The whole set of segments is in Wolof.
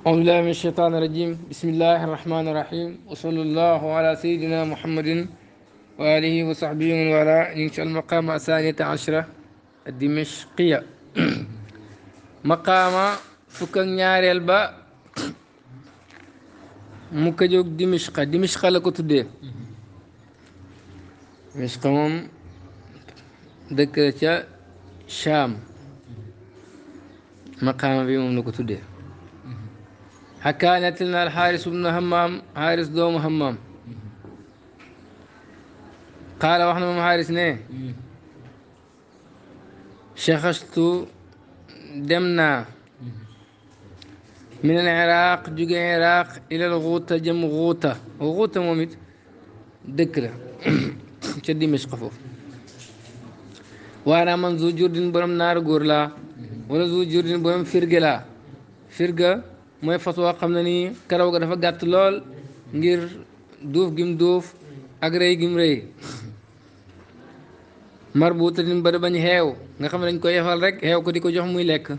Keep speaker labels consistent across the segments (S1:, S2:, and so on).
S1: أعوذ بالله من الشيطان الرجيم بسم الله الرحمن الرحيم وصلى الله على سيدنا محمد وآله وصحبه ومن والاه إن شاء المقام الثانية عشرة الدمشقية مقام فكن نيار الباء مكجوك دمشق دمشق لك تدي دمشق مم ذكرت شام مقام بي لك تدي حكانت لنا الحارس بن همام حارس دوم همام قال واحنا من حارس نيه شخصت دمنا من العراق جوجا العراق الى الغوطه جم غوطه غوطه مميت ذكرى شدي مش قفوف وانا من زوجور دين برم نار غورلا ولا زوجور دين برم فرقلا فرقه mooy fas woo xam ne nii karaw ga dafa gàtt lool ngir duuf gim duuf ak rëy gim rëy mar bu wutatin ba da bañ xeew nga xam ne dañ koy yefal rek xeew ko di ko jox muy lekk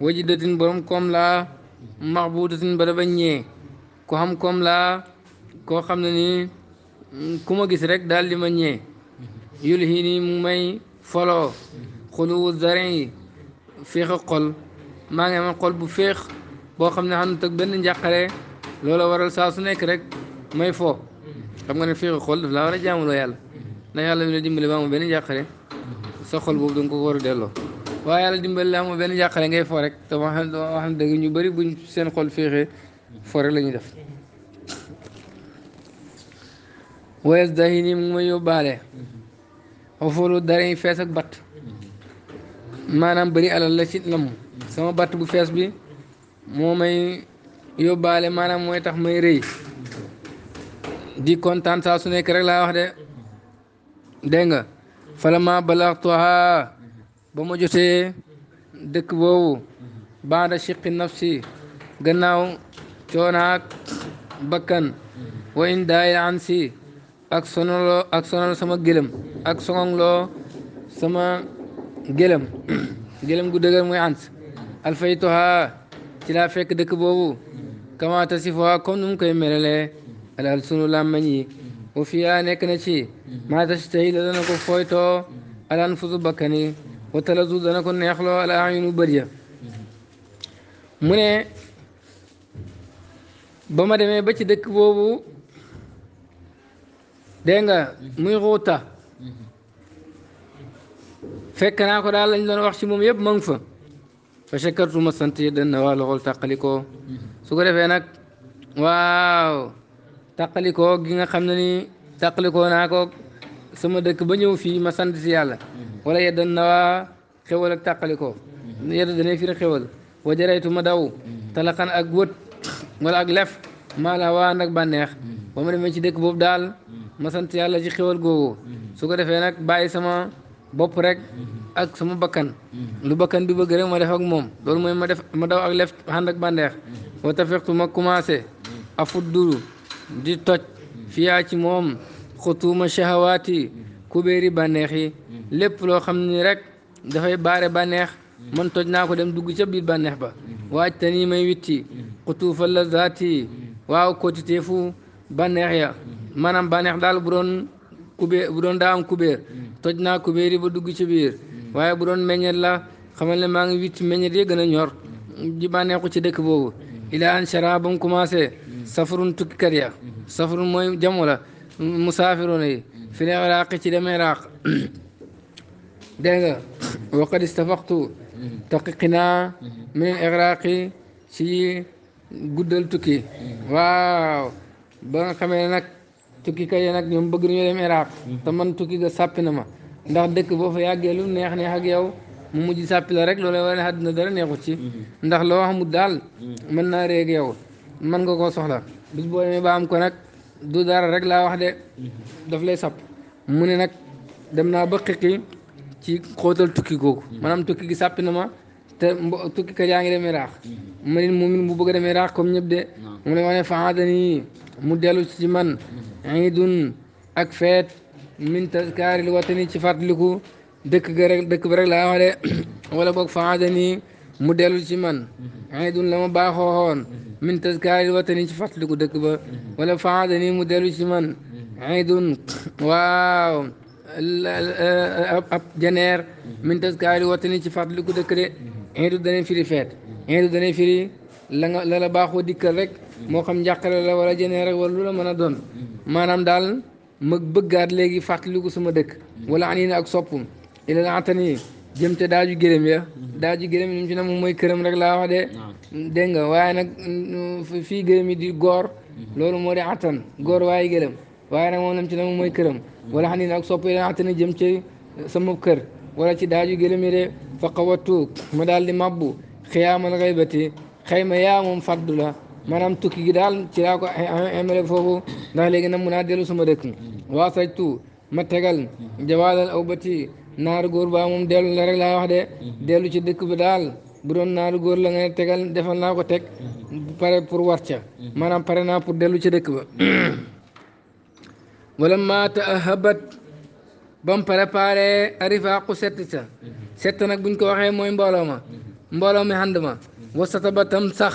S1: waji datin borom kom laa max bu wutatin ba da bañ ñee ko xam kom laa koo xam ne nii ku ma gis rek daal di ma ñee yul xii nii mu may foloo xuluwu zarin yi feex a xol maa ngi am xol bu feex boo xam ne àndut ak benn njàqare loola waral saa su nekk rek may foo xam nga ne fii xool daf laa war a jaamuloo yàlla na yàlla mi la dimbali ba amul benn njàqare sa xol boobu da nga war a delloo waaye yàlla dimbali la amul benn njàqare ngay foo rek te a xam dëgg ñu bëri buñ seen xol féexee foo rek la ñuy def wes dayi nii mu ngi may yóbbaale xofoolu dara fees ak batt maanaam bëri alal la ci lam sama batt bu fees bi moo may yóbbaale maanaam mooy tax may rëy di kontaan saa su nekk rek laa wax de dégg nga fala ma balaxtuha ba ma jotee dëkk boobu baada shiqi nafsi gannaaw coonaak bakkan wa in daay si ak sonolo ak sama gëlëm ak songongloo sama gëlëm gëlëm gu dëgër muy ans alfaytuha ci laa fekk dëkk boobu kama tasifuha comme nu mu koy melalee alal sunu làmmañ yi wa fiyaa nekk na ci maa tashtahi la dana ko fooytoo bakkani wa talazu dana ko neexloo al ayunu bët mu ne ba ma demee ba ci dëkk boobu dégg nga muy xuuta fekk naa ko daal lañ doon wax ci moom yëpp ma fa fa shakartuma sant yi dan na waa loxol tàqalikoo su ko defee nag waaw tàqalikoo gi nga xam ne ni tàqalikoo naa ko sama dëkk ba ñëw fii ma si yàlla wala yeddan na waa xewal ak tàqalikoo yedd danay firi xewal ma daw talaxan ak wët wala ak lef maa la waa nag bànneex ba ma demee ci dëkk boobu daal ma sant yàlla ci xewal googu su ko defee sama bopp rek ak sama bakkan lu bakkan bi bëgg rek ma def ak moom loolu mooy ma def ma daw ak lef ànd ak bànneex wa tafixtu ma commencé afuddu di toj fiyaa ci moom xutuuma shahawaati kubéeri bànneex yi lépp loo xam ni rek dafay baare bànneex man toj naa ko dem dugg ca biir bànneex ba waaj te nii may witti xutuufa la zaati waaw kotiteefu bànneex ya maanaam bànneex daal bu kubéer bu doon daa am kubéer hmm. toj naa kubéer yi ba dugg ci biir hmm. waaye bu doon meññet la xamal ne maa ngi witti meññet yi gën a ñor hmm. ji bànneexu ci dëkk boobu ilaa an shara ba mu commencé safarun tukkikat ya safarun mooy jamo la musaafiroon yi fi ci dem iraq dégg nga waqad istafaqtu taqiqinaa min iraqi ci guddal tukki waaw ba nga xamee nag tukki kay yi nag ñoom bëgg nañu dem Iraq te man tukki ga sàppi na ma ndax dëkk boo fa yàggee lu neex neex ak yow mu mujj sàppi rek loolu war na àddina dara neexut ci mm-hmm. ndax loo xamul daal
S2: mm-hmm.
S1: mën naa réeg nga koo soxla bis ko nag du dara rek laa wax de mm-hmm. daf lay sap mu ne nag dem naa ba xiqi ci xóotal tukki googu maanaam tukki gi sàppi na ma te tukki kat yaa ngi dem Iraq ma nit mu min mu bëgg dem Iraq comme ñëpp de mu faadani mu dellu ci man iidun ak feet min taskaaril watani ci fàttaliku dëkk ga rek dëkk ba rek laa wax de wala boog faadani mu dellu ci man iidun la ma baaxoo woon min taskaaril watani ci fàttaliku dëkk ba wala faadani mu dellu ci man iidun waaw ab janeer min taskaaril watani ci fàttaliku dëkk de iidu danay firi feet iidu danay firi la nga la la baaxoo dikkal rek moo xam njàqare la wala jënee rek wala lu la mën a doon maanaam daal mag bëggaat léegi fàttaliku sama dëkk wala ani na ak sopp ila la atani jëm te daaju gërëm ya daaju gërëm yi mooy këram rek laa wax de dégg nga waaye na mm, fi gërëm yi di góor loolu moo di attan góor waaye gërëm waaye nag moom lañ ci ne mooy këram wala xam ne nag sopp yi daan jëm ci sama kër wala ci daaju gërëm yi de faqawattu ma daal di mabbu xiyaamal xaybati xayma yaa moom faddu la maanaam tukki gi daal ci laa ko foofu ndax léegi nag mun naa dellu sama dëkk waa sajtu ma tegal jawaalal aw bati naaru góor baa moom dellu la rek laa wax de dellu ci dëkk bi daal bu doon naaru góor la nga tegal defal naa ko teg pare pour war ca maanaam pare naa pour dellu ci dëkk ba wala maata habat ba mu préparé arifaaqu sett sa sett nag buñ ko waxee mooy mbooloo ma mbooloo mi xand ba tam sax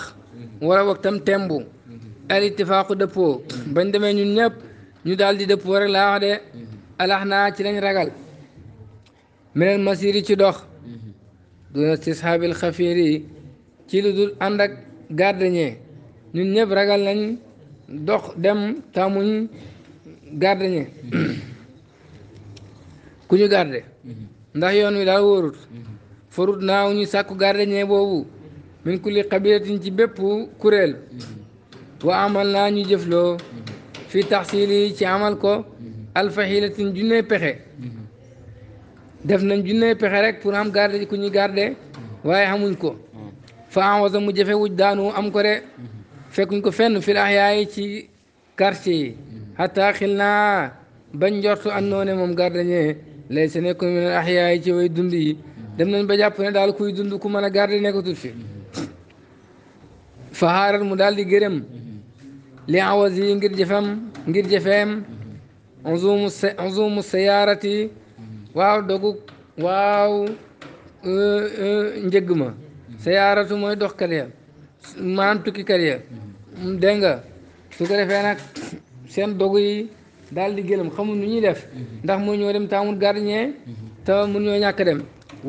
S1: war a waxtam tembu al ittifaaqu dëppoo bañ demee ñun ñëpp ñu daal di dëppoo rek laa de alax naa ci lañ ragal meneen masiri ci dox duna sishaabil xafiir yi ci lu dul ànd ak gardien ñun ñëpp ragal nañ dox dem tamuñ gardien ku ñu garde ndax yoon wi daal wóorut forut naaw ñu sàkku gardien boobu من كل قبيلة تبيبو كوريل وعملنا نجفلو في تحصيلي تعملكو الفحيلة جنية بخي دفنا جنية بخي رك فرام غاردة كوني غاردة واي همونكو فعن وزن مجفة وجدانو أمكوري فكونكو فن في الأحياء تي كارسي حتى خلنا بنجرتو أنوني مم غاردة ليس نكون من الأحياء تي ويدندي دمنا بجاب فنا دالكو يدندو كمانا غاردة نكو تفيل faxaaral mu daal di gërëm li awas yi ngir jëfam ngir jëfeem uzumu uzumu sayaarati waaw dogu waaw e, e, njëgg ma sayaaratu mooy dox kat ya maanaam tukki kat ya dégg nga seen dogu yi daal di gëlëm xamul nu ñuy def ndax mu ñoo dem taamul gardien te mun ñoo ñàkk dem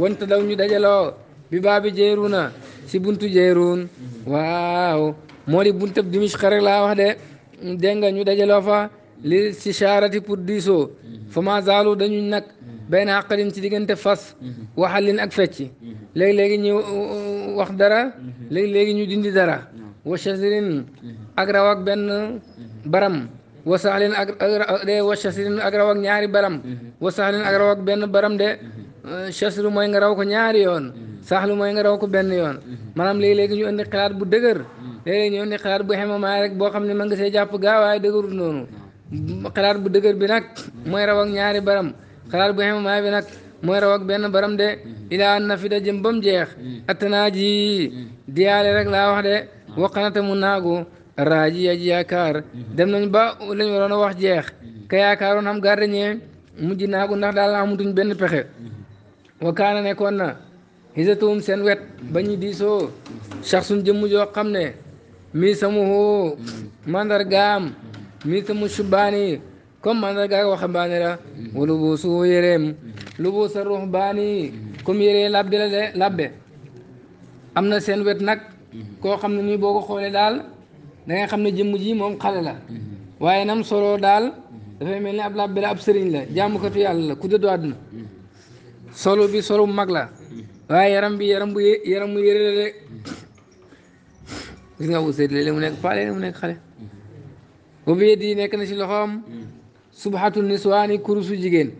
S1: wante daw ñu dajaloo bi baabi jeeru na si buntu jeeroon waaw moo di buntab dimishq rek laa wax de dégg nga ñu dajaloo fa li si charati pour diisoo fa ma zaalu dañu nag benn àqalin ci diggante fas waxalin ak fecc léegi-léegi ñu wax dara léegi-léegi ñu dindi dara mm-hmm. wa chasirin mm-hmm. ak raw ak benn mm-hmm. baram wa saxlin ak de wa chasirin ñaari baram wa saxlin ak raw ak benn baram de chasru mooy nga raw ko ñaari yoon sahlu moy nga raw ko benn yoon mhm. malam leg léegi ñu andi xalaat bu deugar mhm. léeg leg ñu andi xalaat bu ma rek bo xamni ma nga sey japp gaa waaye dëgërul noonu mhm. xalaat bu deugar bi nak moy raw ak ñaari baram xalaat bu ma bi nak moy raw ak ben baram de ila na fi da jeex attanaa ji diyaale rek la wax de waqanata mu naagu raaji ya yakar dem nañ ba lañ waron wax jeex ka yaakaaroon am garde ñee naagu ndax la amutuñ ben pexe wa kana nekkoon na xisatuhum seen wet ba ñu diisoo saxsun jëmm joo xam ne mii samu hoo mandargaam mii samu subaani comme mandargaam waxambaane la wala boo su yéreem lu boo sa ruux baani comme yéree labbe la labbe am na seen wet nag koo xam ne nii boo ko xoolee daal da nga xam ne jëmm ji moom xale la waaye nam solo daal dafay mel ni ab labbe ab sëriñ la jaamukatu yàlla la ku dëddu àdduna solo bi solo mag la waa yaram bi yaram bu yaram mu yëre la de gis mu nekk paa léeg mu nekk xale boobu yedd yi nekk na si loxoom subhatu niswaani kurusu jigéen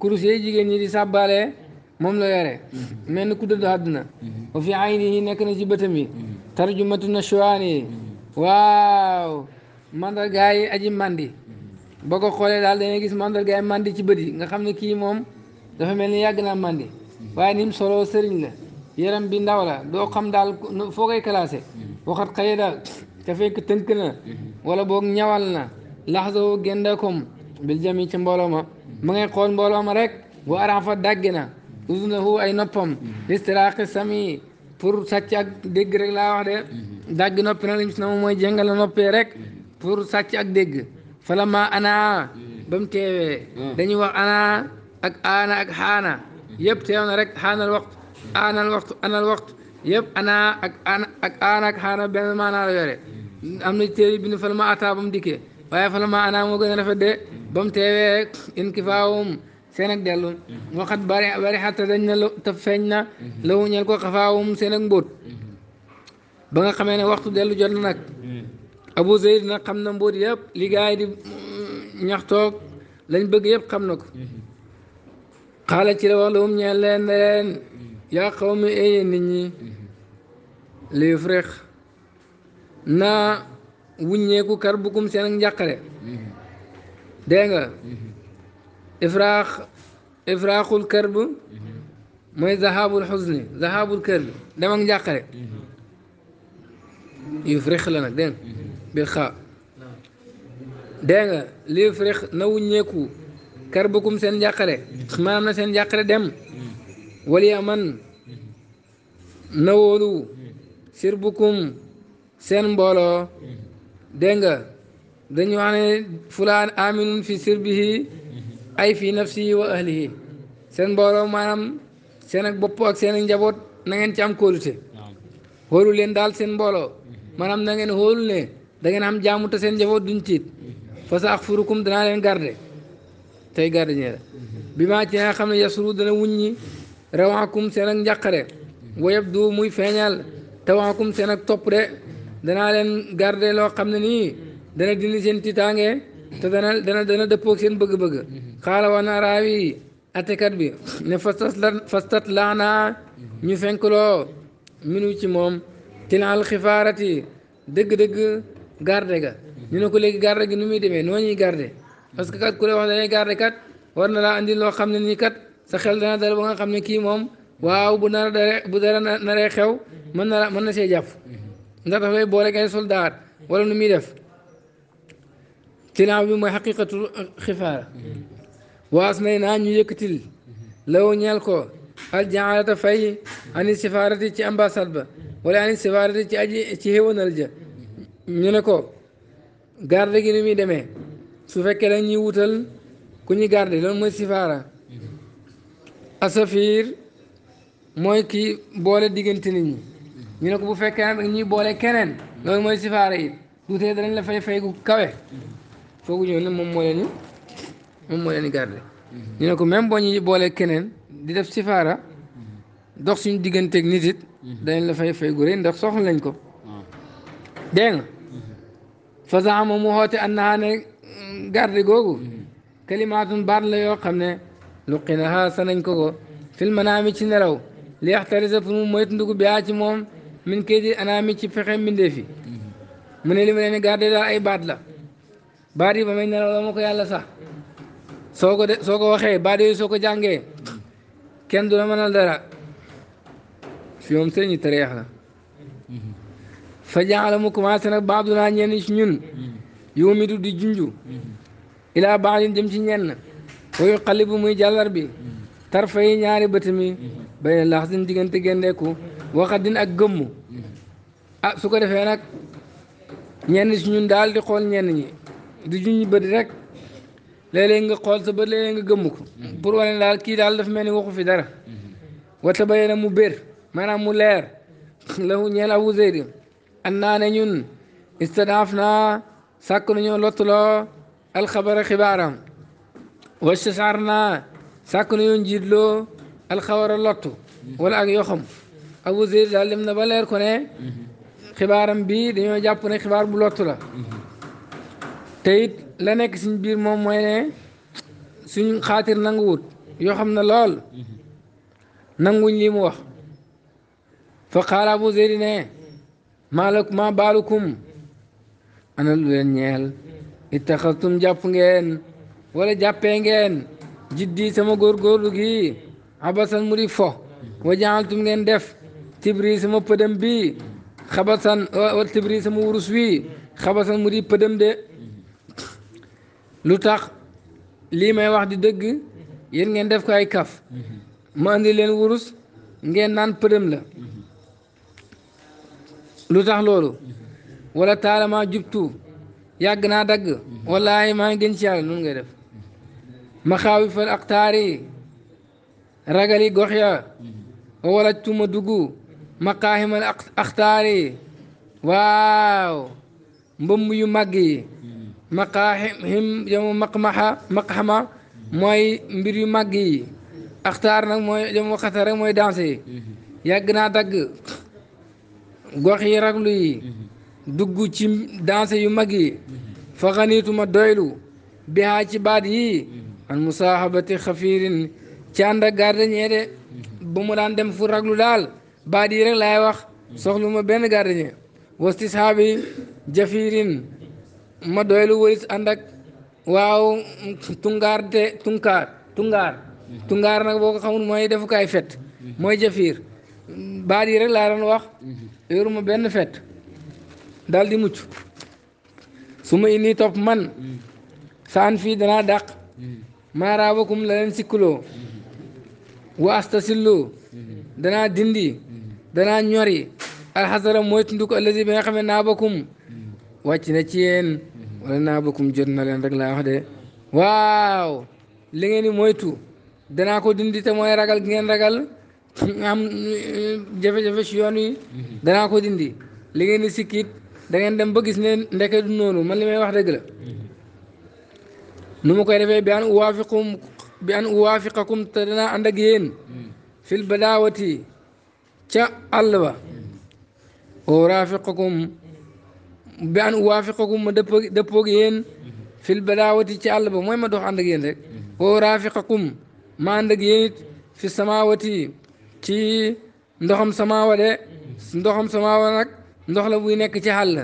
S1: kurus yooyu jigéen ñi di sàbbaale moom la yore mel ni ku dëdd àdduna wa fi ayni nekk na ci bëtam yi tarjumatu nashwaani waaw mandargaa yi aji mandi boo ko xoolee daal dangay gis mandargaa yi mandi ci bët nga xam ne kii moom dafa mel ni yàgg naa mandi waaye ni solo soloo sëriñ la yaram bi ndaw la doo xam daal foo koy classé mm-hmm. waxat xëy da te fekk tënk na mm-hmm. wala boog ñawal na laxasoo gendakom bil jami ci mbooloo ma mu mm-hmm. ngay xool mbooloo ma rek bu arafa dàgg na usunahu ay noppam listiraaqi sami pour sàcc ak dégg rek laa wax de dàgg noppi nag li si mooy jëngal la noppee rek pour sàcc ak dégg fala ma ana ba mu teewee ah. dañuy wax ana ak ana ak xaana yëpp teew na rek xaanal waxtu aanal waxtu anal ana ak ana ak benn maanaa la yore am na téere bi nu fa la ma ataa ba mu dikkee waaye fa la ma a de ba mu teewee rek in kifaawum seen ak dellu bari bari xatta dañ na te feeñ na mhm. lawu ñeel ko xafaawum seen ak mbóot mhm. ba nga xamee ne waxtu dellu jot na mhm. Abu Zayd nag xam na mbóot yëpp li gaay di ñaxtoog lañ bëgg yëpp xam na ko xaala ci la wax lahum ñeen leen leen yaa xaw mi éyee nit ñi liyu frex naa wuññeeku kar bukum seen ak njàqare dégg nga ifraax ifraaxul kër bu mooy zahabul xusni zahabul kër bi dem ak la nag dégg nga bir xaa dégg nga na wuññeeku kar bukum seen njàqare maanaam na seen njàqare dem wali aman na wóolu sir seen mbooloo dégg nga dañu wax ne fulaan aminun fi sirbihi ay fi nafsihi wa ahlihi seen mbooloo maanaam seen ak bopp seen ak njaboot na ngeen ci am kóolute leen daal seen mbooloo maanaam na ngeen xóolu ne da ngeen am jaamu te seen njaboot duñ tiit fa sa axfurukum leen garde tey gardien la bi maa ci nga xam ne yasru dana wuññi rawaxakum seen ak njàqare woyab du muy feeñal tawaxakum seen ak topp de danaa leen garde loo xam ne nii dana dindi seen tiitaange te dana dana dana dëppoog seen bëgg-bëgg xaala wax na raawi atekat bi ne fastat la fastat laana ñu fenkloo minu ci moom tilal xifaarati dëgg-dëgg garde ga ñu ne ko léegi garde gi nu muy demee noo ñuy garde parce que kat ku la wax dañuy garder kat war na la andi lo xamne ni kat sa xel dana dal ba nga xamne ki mom moom waaw bu nar dara bu dara naree xew man na man na see jàpp ndax dafay boole gay soldat wala nu mi def tilaaw bi moy haqiqatu khifar waas may na ñu yëkëtil law ñal ko al ja'alata fay ani sifarati ci ambassade ba wala ani sifarati ci aji ci xéwanal ja ñu ne ko garde gi ni mi deme su fekkee dañ ñuy wutal ku ñu garde loolu mooy sifaara asafiir mooy kii boole diggante nit ñi ñu ne ko bu fekkee nag ñuy boole keneen loolu mooy sifaara yi duutee danañ la fay fay gu kawe ñëw ne moom moo leen moo leen garde ñu ne ko même boo ñuy boole keneen di def sifaara dox suñu digganteeg nit it danañ la fay fay gu rëy ndax soxla lañ ko ah. dégg nga fa mu xoote annaha ne garde googu kalimaatun baat la yoo xam ne luqinaha sanañ ko ko fil manaami ci nelaw li yaxtarisa pour mu moytu ndugu bi ci moom min kay di anaami ci fexe mbindee fi mu ne li ma leen garde daal ay baat la baat yi ba may nelaw la ma ko yàlla sax soo ko de soo ko waxee baat yooyu soo ko jàngee kenn du la al dara fi moom sëriñu tareex la mm-hmm. fa jaala mu commencé nag baab dunaa ñenn ci ñun mm-hmm. yuumidu di junju ilaa baaxalin jëm ci ñenn wayu xalibu muy jàllar bi tarfa yi ñaari bët mi bay na lax sin diggante gendeeku waxadin ak gëmm ah su ko defee nag ñenn si ñun daal di xool ñenn ñi di junj bët rek léeg-léeg nga xool sa bët léeg-léeg nga gëmm ko pour wane daal kii daal dafa mel ni waxu fi dara wata bay mu bér maanaam mu leer lahu ñeel abu zeydi an naa ne ñun istadaaf naa sàkk nañoo lottuloo alxabara xibaaram wastasaar naa sàkk nañoo njiitloo alxabara lottu wala ak yoxam abu zeyd daal dem na ba ko ne xibaaram bi dañoo jàpp ne xibaar bu lottu la te la nekk suñ biir moom mooy ne suñ xaatir nanguwut yoo xam na lool nanguñ lii mu wax fa qaala abu zeyd ne maa la maa ana lu len ñeel tum japp ngeen wala jàppee ngeen jiddi sama góorgóorlu gi abasan muri fo wajaltum ngeen def tibri sama pedem bi khabasan wa tibri sama wurus wi khabasan muri pedem de lutax li may wax di deug yeen ngeen def ko ay kaf ma andi urus, wurus ngeen nan pedem la lu wala taala maa jubtu yàgg naa dagg wallaahi maa ngi gën ci def maxaawifa al ragali gox ya wala tuma dugg maqaahima waaw mbëmb yu màgg yi maqaahim jamu maqmaxa maqxama mooy mbir yu màgg yi axtaar nag mooy jamu xatar rek mooy danse naa dagg gox yi raglu dugg ci danse yu mag yi fa xaniituma doylu bihaa ci baat yii an musaahabati xafiirin ci ànd ak garde ñee de ba mu daan dem fu raglu daal baat yi rek laay wax soxlu ma benn garde ñee wastisaabi jafiirin ma doylu waris ànd ak waaw tungaar te tungaar tungaar nag boo ko xamul mooy defukaay fet mooy jafiir baat yi rek laa doon wax yoruma benn fet daal di mucc su indi topp man saan fii danaa dàq maaraabakum la leen sikkuloo wa astasillu danaa dindi danaa ñori alxasara mooy tundu ko allazi bi nga xam naa naabakum wàcc na ci yéen wala naabakum jot na leen rek laa wax de waaw li ngeen di moytu danaa ko dindi mooy ragal gi ngeen ragal am jafe-jafe ci yoon wi danaa ko dindi li sikkit da ngeen dem ba gis ne ndeke du noonu li may wax dëgg nu ma koy defee bi an uwaafiqum bi an uwaafiqakum te danaa ànd ak yéen fil badaawati ca àll ba fil badaawati ca àll ba mooy ma dox ànd ak yéen rek oo raafiqakum ma ànd ak fi samaawati ci ndoxam samaawa de ndoxam samaawa nag ndox la buy nekk ci xàll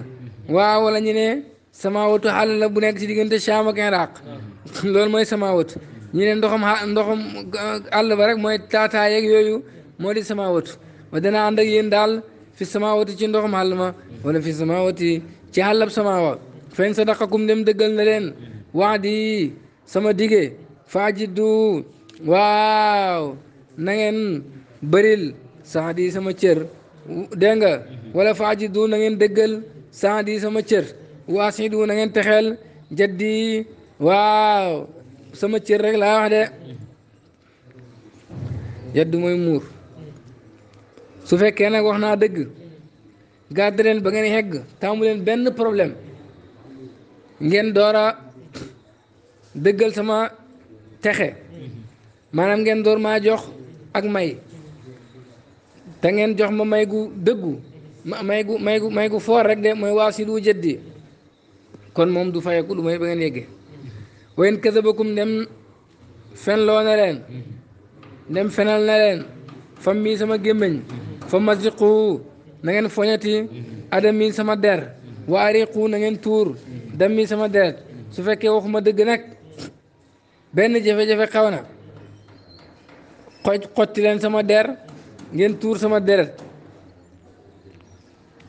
S1: waaw wala ñu ne samaawatu xàll la bu nekk ci diggante Saam ak Iraq lool mooy samaawatu ñu ne ndoxam ndoxam uh, àll ba rek mooy taataay ak yooyu moo di samaawatu ba dana ànd ak yéen daal fi samaawati ci ndox ndoxam xàll ma wala fi samaawati ci xàllab samaawa feeñ sadaqakum dem dëggal na leen waa di sama faa faajiddu waaw na ngeen bëril di sama cër denga wala faaji du na ngeen deggal sant sama cer, waa si na ngeen taxel jaddi waaw sama cer rek la wax de jaddu moy mur su fekke nak waxna deug gadren ba ngeen hegg taamu leen benn ngeen dora deggal sama taxé manam ngeen dor ma jox ak may te ngeen jox ma may gu dëggu ma may gu may gu foor rek de mooy waa si lu kon moom du fayeku lu may ba ngeen yëggee wayen kasabakum dem fen loo na leen fam mii sama gémmiñ fa masiqu na ngeen foñati adam sama der wa ariqu na ngeen tuur dam mii sama der su fekkee waxuma dëgg nag benn jafe-jafe xaw na xoj leen sama der ngeen tuur sama deret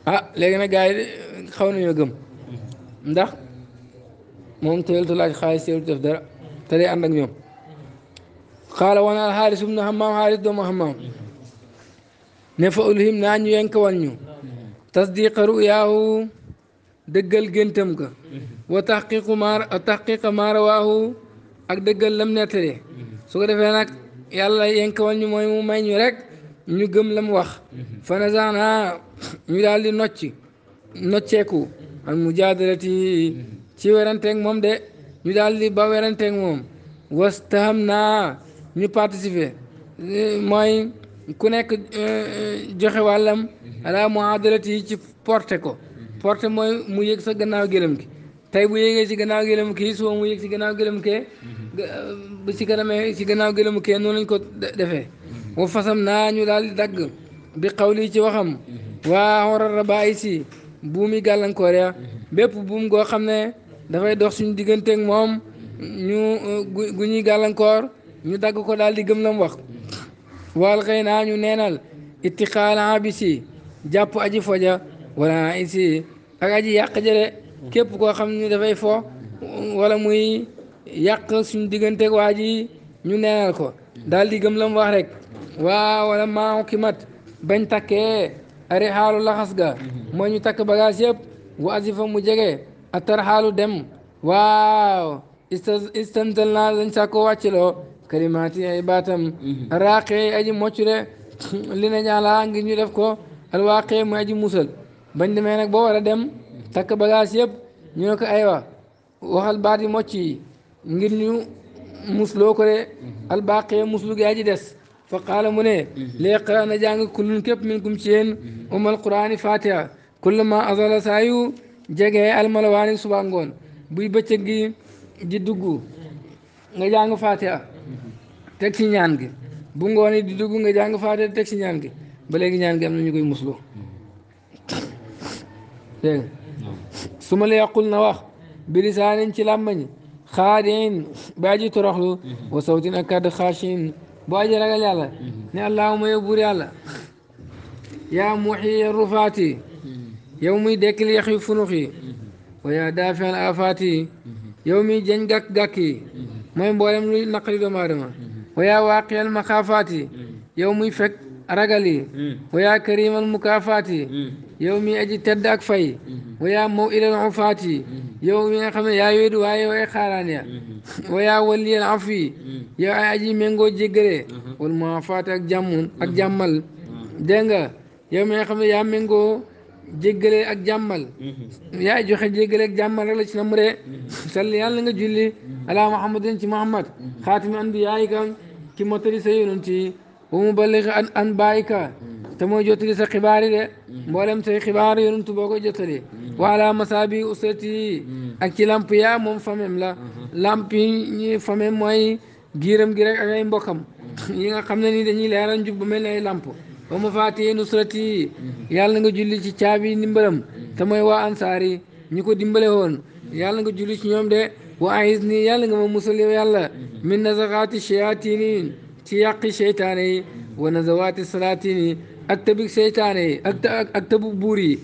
S1: ah léegi nag gars yi xaw nañoo gëm ndax moom teeltu laaj xaalis teeltu def dara te day ànd ak ñoom xaala wana alxaaris ibnu xamaam xaaris doomu xamaam ne fa ulhim naa ñu yenk wan ñu tasdiqa ruyaahu dëggal géntam ka wa taxqiqu maar a taxqiqa maar waahu ak dëggal lam nettalee su ko defee nag yàlla yenk wan ñu mooy mu may ñu rek ñu gëm la wax mhm. fanazana ñu daal di nocc nocceeku mu mujadalati mhm. ci weranteeg moom de ñu daal di ba weranteeg moom wastaham naa ñu participer mooy ku nekk eh, eh, joxe wàllam mhm. ala muadalati ci porte ko porte mooy mu yëg sa gannaaw gëlëm gi tey bu yéegee ci gannaaw gëlëm kii suba mu yëg si gannaaw gëlëm kee eh, bu ci kanamee ci gannaaw gëlëm kee noonu lañ ko defee wa fasam naa ñu daal di dagg bi xawli ci waxam waa xoral rabaay si buumi gàllankoor ya bépp buum goo xam ne dafay dox suñu digganteeg moom ñu gu ñuy gàllankoor ñu dagg ko daal di gëm lam wax waal xëy naa ñu neenal itixaala bi si jàpp aji foja wala isi ak aji yàq jëre képp koo xam ne dafay fo wala muy yàq suñu digganteeg waa ji ñu neenal ko daal di gëm lam wax rek waaw walla maa uqimat bañ takkee ari xaalu laxas ga mooy ñu takk bagage yëpp wa fa mu jege atar xaalu dem waaw istantal naa dañ sàkko wàcciloo kalimaati ay baatam mhm. raaqee aji moccure li na ñaalaa ngir ñu def ko alwaaqee mu aji musal bañ demee nag boo war dem takk bagage yëpp ñu ne ko aywa waxal baati mocc yi ngir ñu musloo ko de mhm. albaqee muslu gi aji des fa mu ne lee qara na jàng kullun képp min kum ci yéen mhm. umal quraani fatiha kullama azala jege almalawaani suba ngoon buy bëccëg gi di dugg nga jàng fatiha mhm. teg ci ñaan gi bu ngoon di dugg nga jàng fatiha teg ci ñaan gi ba léegi ñaan gi am na ñu koy muslu mhm. dégg su ma la na wax bi lisaanin ci làmmañ xaadin baaji toroxlu wa sawtin ak kàdd xaashin bu aji ragal yàlla mm-hmm. ne allahuma yow buur yàlla yaa muxiya mm-hmm. yow muy dekkil yax yu funux yi mm-hmm. wa yaa daafian afaati yow muy jañ gàkk-gàkk yi mooy luy naqari doomu aadama wa yaa waaqiyal yow muy fekk ragal yi wa yaa يومي اجي تدك في ويا مو الى العفاتي يومي خما يا يد واي واي خارانيا ويا ولي العفي يا اجي منغو جيغري قل ما فاتك جامون اك جامال دنگا يومي خما يا منغو جيغري اك جامال يا جوخ جيغري اك جامال لا سي نمري صلي يالا نغا جولي على محمد سي محمد خاتم الانبياء كان كي متري سيونتي ومبلغ ان ان te mooy jottali sa xibaar yi de mm-hmm. mboolem say xibaar yonent boo ko jottali mm-hmm. masaabi usrati mm-hmm. ak ci lamp yaa moom famem la lamp yi ñi famem mooy giiram gi mbokkam yi nga xam ne ni dañuy leeral njub ba mel ay lamp wa mafaati nusrati yàlla nga julli ci caabi ndimbalam te mooy waa ansaar yi ñi ko dimbale woon yàlla nga julli ci ñoom de wa ayis nii yàlla nga ma musal yow yàlla min nazaxaati shayaatini ci yàqi seytaane wa nazawaati salaatini ak tëbik seytaane yi ak ak tëbuk buur yi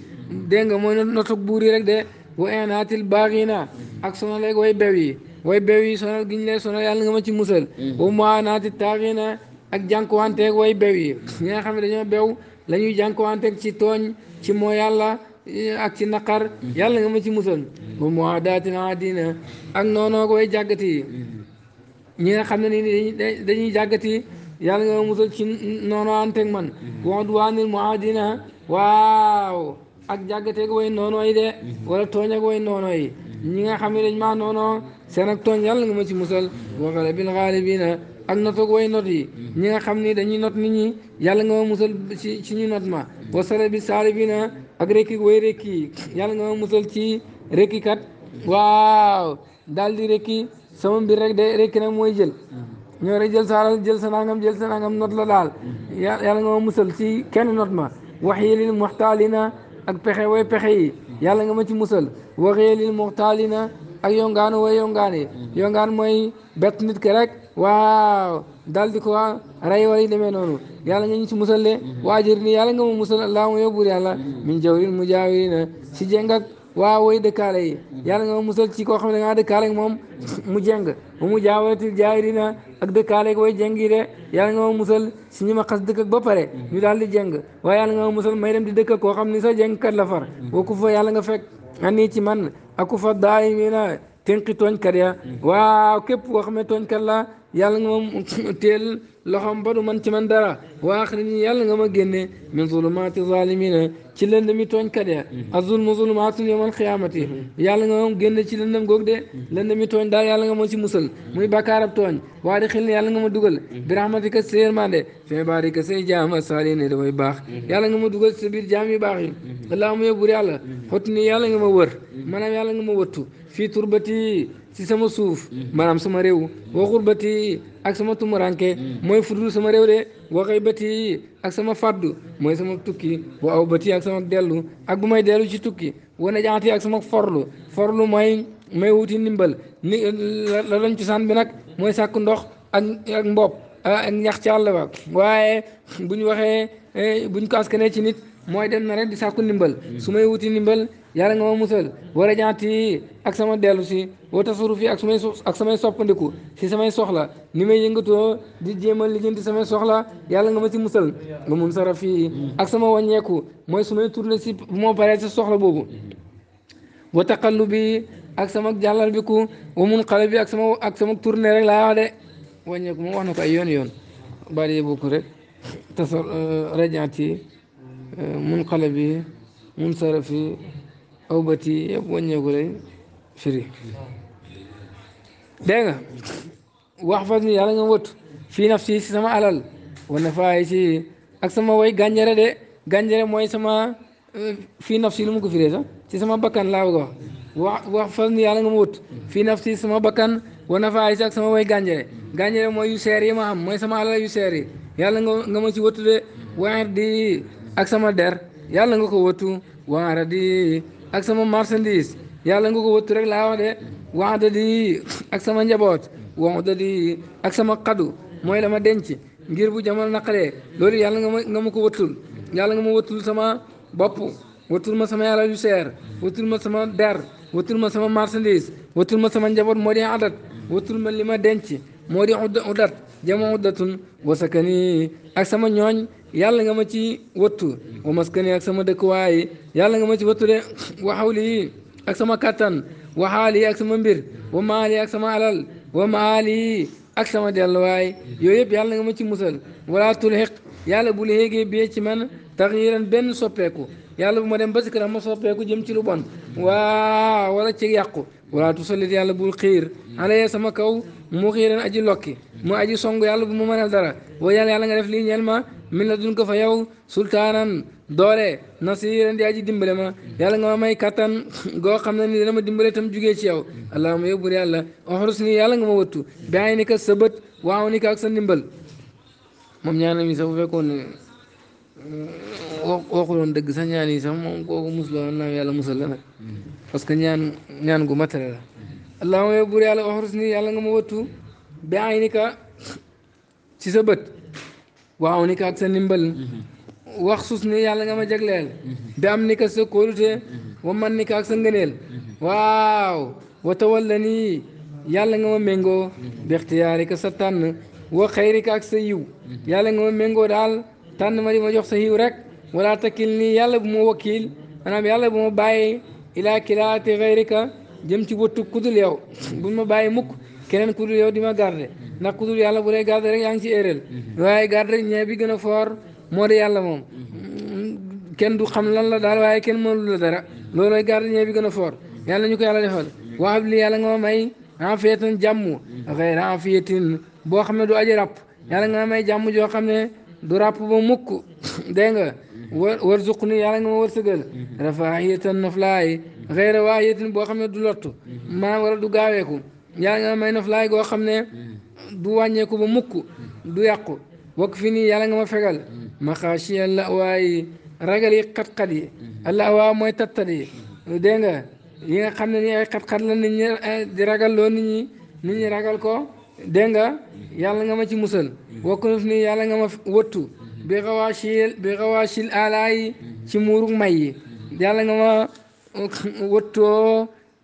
S1: dégg nga mooy notuk buur yi rek de wa inaatil baaxina ak sonal ak way bew yi way bew yi sonal giñ lay sonal nga ma ci musal mm-hmm. wa muanaati taaxina ak jànkuwanteeg way bew yi ñi nga xam ne dañoo bew la ñuy ci tooñ ci moo yàlla ak ci naqar mm-hmm. yàlla nga ma ci musal mm-hmm. wa muadaatin aadina ak noonoo way jàggati yi ñi nga xam ne nii dañuy jàggati yàlla nga musal ci noono anteeg man wax du mhm. waa nil mu aadina waaw ak jàggateeg way noono yi de mhm. wala tooñ ak way noonoo yi mhm. ñi nga xam ne dañ ma noonoo seen ak tooñ yàlla nga ma ci musal waxala bil xaalibiina ak notoog way not yi ñi nga xam ni dañuy not nit ñi yàlla nga ma musal ci ci ñu not ma wasala bi saalibiina ak rekki way rekki yàlla nga ma musal ci rekki kat waaw daal di rekki sama mbir rek de rekki nag mooy jël ñoo rek jël sa jël sa nangam jël sa nangam not la laal yàlla nga ma musal ci kenn not ma waxyi lil muxtaalina ak pexe way pexe yi yàlla nga ma ci musal waxyi lil muxtaalina ak yongaan way yongaan yi yongaan mooy bett nit ki rek waaw daal di ko rey wala yi demee noonu yàlla nga ñu ci musal de waajir ni yàlla nga ma musal allahuma yow buur la min jawrin mujaawirina si jeng waaw way dëkkaale yi yàlla nga ma musal ci koo xam ne da ngaa dëkkaale ak moom mu jeng ba mu jaawalatil jaahiriina ak dëkkaale ak way jeng yi de yàlla nga ma musal si ñu ma xas dëkk ak ba pare ñu daal di jeng waaye yàlla nga ma musal may dem di dëkk koo xam ne sa jeng kat la far boo ku fa yàlla nga fekk ani ci man ak ku fa daay mi na tenqi tooñkat ya waaw képp koo xam ne tooñkat la yàlla nga ma teel loxoom ba du man ci man dara waax ni nii yàlla ma génne min zulumaati zalimina ci lëndëmi tooñkat ya azulmu zulumaatun yawmal xiyaamati yàlla nga ma génne ci lëndëm goog de lëndëmi tooñ daal yàlla nga ma ci musal muy bakaarab tooñ waa di xil nga ma dugal bi rahmatika sa yërmande fi ibaadika say jaam saalihiin dafay baax yàlla nga ma dugal sa biir jaam yu baax yi allahumma yow bur yàlla xottu ni yàlla nga ma wër maanaam yàlla ma wëttu fii turbati ci sama suuf maanaam sama réew wa xurbati ak sama tumuranke mooy fudul sama réew de wa xaybati ak sama faddu mooy sama tukki wa awbati ak sama dellu ak bu may dellu ci tukki wa najaati ak sama forlu forlu mooy may wuti ndimbal ni la lañ cosaan bi nag mooy sàkk ndox ak ak mbopp ah, ak ñax ci àll waaye buñ waxee eh, buñ ko askanee mooy dem na rek di sàkku ndimbal su may wuti ndimbal yàlla nga ma musal war a jaati ak sama dellu si woo tasuru fii ak sumay ak samay soppandiku si samay soxla ni may yëngatoo di jéem a lijjanti samay soxla yàlla nga ma si musal nga mun sara fii ak sama wàññeeku mooy su may tourné si moo paree si soxla boobu wa taqallu bi ak sama jàllal bi ku wa mun xale bi ak sama ak sama tourné rek laa wax de wàññeeku moom wax na ko ay yoon yoon bari yëbbu ko rek tasar euh, rajaati munqalabi munsarafi awbati yëpp wàññeeku lay firi dégg nga wax fas ni yàlla nga wëttu fii nafsi si sama alal wana faay si ak sama way gànjare de gànjare mooy sama euh, fii nafsi lu mu ko firee sax ci sama bakkan laa bëgg a wax wax fas ni yàlla nga ma wëttu fii nafsi sama bakkan wana faay si ak sama way gànjare gànjare mooy yu seer ma am mooy sama alal yu seer yi nga nga ma ci wëttu de waaye di ak sama der yàlla nga ko wattu waara di ak sama marchandise yàlla nga ko wattu rek laa wax de waada di ak sama njaboot waxda di ak sama xadu mooy la ma denc ngir bu jamono naqaree loolu yàlla nga ma nga ma ko wattul yàlla nga ma wotul sama bopp wotul ma sama yàlla yu seer ma sama der wotul ma sama marchandise wotul ma sama njaboot moo di adat wattul ma li ma denc moo di uddat jama uddatun wasakani ak sama ñooñ yàlla nga ma ci wattu wa maskani ak sama dëkkuwaay yàlla nga ma ci wattu de wa xawli ak sama kattan wa xaali ak sama mbir wa maali ak sama alal wa maali ak sama delluwaay yooyu yëpp yàlla nga ma ci musal wala tulxiq yàlla bu la yéegee ci man taxiran benn soppeeku yàlla bu ma dem ba si ma soppeeku jëm ci lu bon waa wala ci yàqu wala tusallit yàlla bul xiir alaya sama kaw mu xiiran aji lokki mu aji song yàlla bu mu mënal dara wa yàlla nga def lii ñeel ma min la dun ko fa yaw sultaanan doole nasiran di aji dimbale ma yàlla nga may kattan goo xam ne ni dana dimbale tam jugee ci yow allahuma yow bur yàlla oxrus nii yàlla nga ma wattu biay ni ka sa bët waaw ni ka ak sa ndimbal moom ñaanam yi sax bu fekkoon ne mm, waxuloon dëgg sa ñaan yi sax moom kooku musloon naam yàlla musal la nag parce que ñaan ñaan gu matale la allahuma yow nga ma wattu bi ay ni ka ci sa bët waaw ni ka ak sa ndimbal wax sus ni yàlla nga ma jagleel bi am ni ka sa kóolute wa man ni ka ak sa ngëneel waaw wa tawalla nii yàlla nga ma méngoo bi ka sa tànn wa xayri ka ak sa yiw yàlla nga ma méngoo daal tànn ma di ma jox sa yiw rek wala takkil nii yàlla bu ma wakiil maanaam yàlla bu ma bàyyi ilaa kiraati xayrika jëm ci wëttu kudul yow bu ma bàyyi mukk keneen kudul yow di ma garde ndax kudul yàlla bu lay garde rek yaa ngi ci éeréel mhm. waaye garde ñee bi gën a foor moo di yàlla moom mhm. kenn du xam lan la daal waaye kenn mënul la dara loolooy garde ñee bi gën a foor yàlla ñu ko yàlla defal mhm. waxab li yàlla nga ma may afiyatan jàmm xayra afiyatin boo xam ne du aji ràpp yàlla nga may jàmm joo xam ne du ràpp ba mukk dégg nga وارزقني يا رنو ورسقل رفاهية النفلاي غير واهية بو خمي دولتو ما وردو غاويكو يا رنو ما نفلاي غو خمني دوانيكو بو مكو دو يقو وكفيني يا رنو مفقل مخاشي اللأواي رجلي قد قد اللأوا موي تتري دينغا يين خمني ني قد قد لن ني دي رجل لون ني ني رجل كو دينغا يا ما تي موسل وكنفني يا ما وطو bi xawaachil bi xawaachil alaayi ci muurug may yi yàlla nga ma wëttoo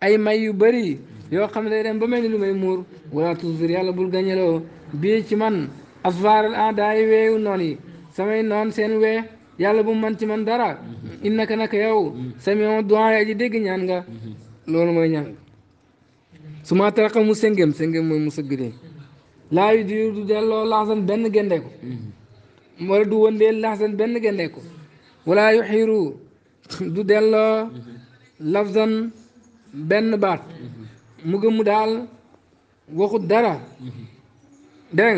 S1: ay may yu bëri yoo xam ne dem ba mel ni muur wala toujours yàlla bul gañeloo bii ci man afvaaral en daay weeyu noon samay noon seen wee yàlla bu man ci man dara innaka naka yow samion doyen ji dégg ñaan nga loolu mooy ñaan nga su ma mu sengem sengem mooy mu sëgg laayu diir du delloo laasan benn gendeeku wala du wëndeel laxsan benn gendeeku wala yuxiru du delloo lafzan benn baat mu gëmu daal waxut dara dégg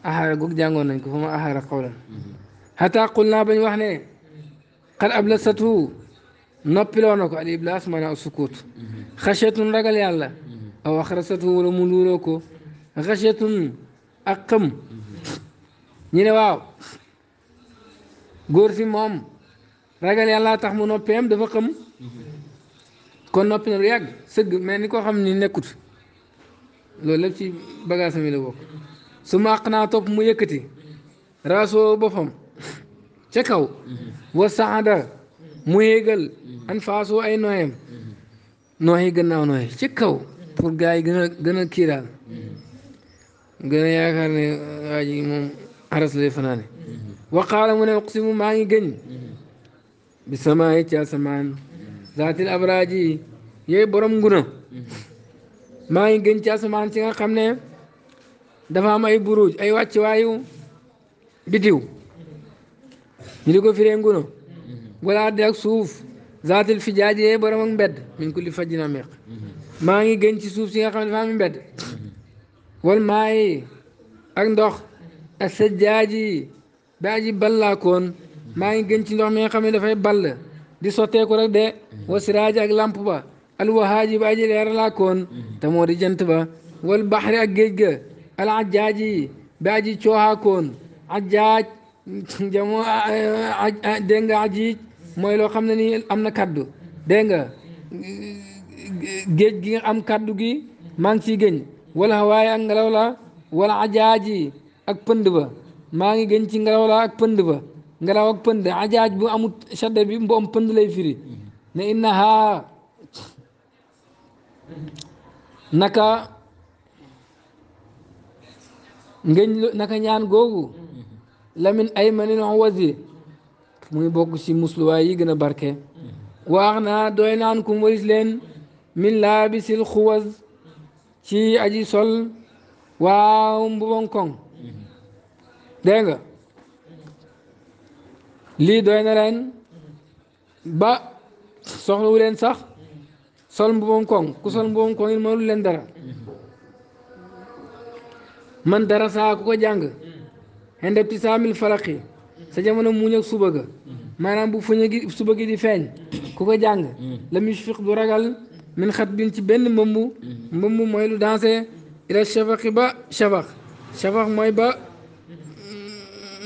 S1: nga axaara goog jàngoon nañ ko fa ma axaara xawlan xataa qul naa bañ wax ne xad ablasatu noppiloo na ko al iblaas maanaam sukuut xashetun ragal yàlla aw axrasatu wala mu luuroo ko xashetun ñu ne waaw góor si moom ragal yàlla tax mu noppeem dafa xam kon noppi na lu yàgg sëgg mais ni ko xam ni nekkut loolu lépp ci bagage mi la bokk su ma naa topp mu yëkkati raasoo boppam ca kaw wa mu yéegal an faasoo ay nooyam nooyi gannaaw nooyi ca kaw pour gars yi gën a gën a ne waa moom عرس لي فناني وقال من اقسم معي جن بسماء يا سمان ذات الابراج يي بروم غنا معي جن يا سمان سيغا خامني دا فا ام اي بروج اي واتي وايو بيديو ني ديكو فيري غنا ولا ديك سوف ذات الفجاج يي بروم مبد من كل فجنا ميخ معي جن سوف سيغا خامني فامي مبد والماي اك ندوخ asajaaji bi aji ballaakoon maa ngi gën ci ndox mi nga xam ne dafay ball di sotteeku rek de wasiraaji ak lamp ba alwahaaji bi aji leeralaakoon te moo di jant ba wal baxri ak géej ga al ajaaji bi aji cooxaakoon ajaaj jamoo dégg nga ajiij mooy loo xam ne nii am na kaddu dégg nga géej gi am kaddu gi maa ngi ciy gëñ wala hawaaye ak la wala ajaaji ak pënd maa ngi gën ci ngelaw laa ak pënd ngelaw ak pënd ajaaj bu amut shadda bi mboom pënd lay firi ne innaha naka ngëñ naka ñaan googu lamin ay manin wasi mu ngi bokk ci musluwaay yi gën a barke waax naa doy naan kum waris leen min laabisil xuwas ci aji sol waaw mbubon koŋ Dengar. Li lii doy ba soxlu len sax sol mbubam kong, ku sol kong kon il mënul len dara man dara sa ku ko jang hande ti samil falaqi sa jamono mu ak suba ga manam bu fuñe gi suba gi di feñ ku ko jang la mushfiq du ragal min xat bin ci ben mbëmb mbëmb moy lu danser ila shafaqi ba shafaq shafaq moy ba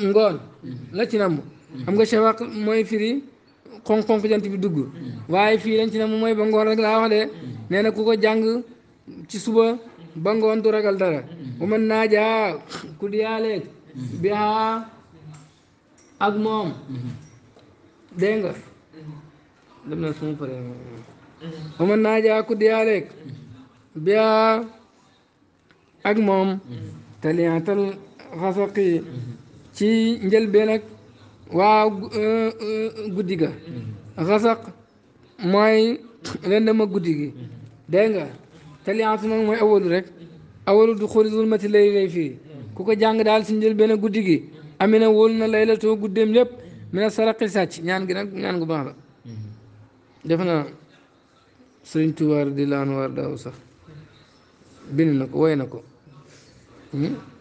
S1: ngoon mhm. la ci namm mhm. xam nga shafaq mooy firi xonk-xonk jant bi dugg mhm. waaye fi lañ ci namm mooy ba ngoon rek laa na ku ko jàng ci suba ba ngoon du ragal dara bu mën naa jaa ku diyaaleeg bi aa ak moom dégg nga dem na suma ci njël ak waa euh, euh, guddi ga xasaq mooy lëndama guddi gi dégg nga taliance nag mooy awalu rek awalu du xuri zulmati lay lay fii ku ko jàng daal si njël ak guddi gi amina wóolu na laylatoo guddeem lépp mina saraqi sàcc ñaan gi nag ñaan gu baax la def na sëriñ Tuubaa di laan war sax bind na ko woy na ko hmm?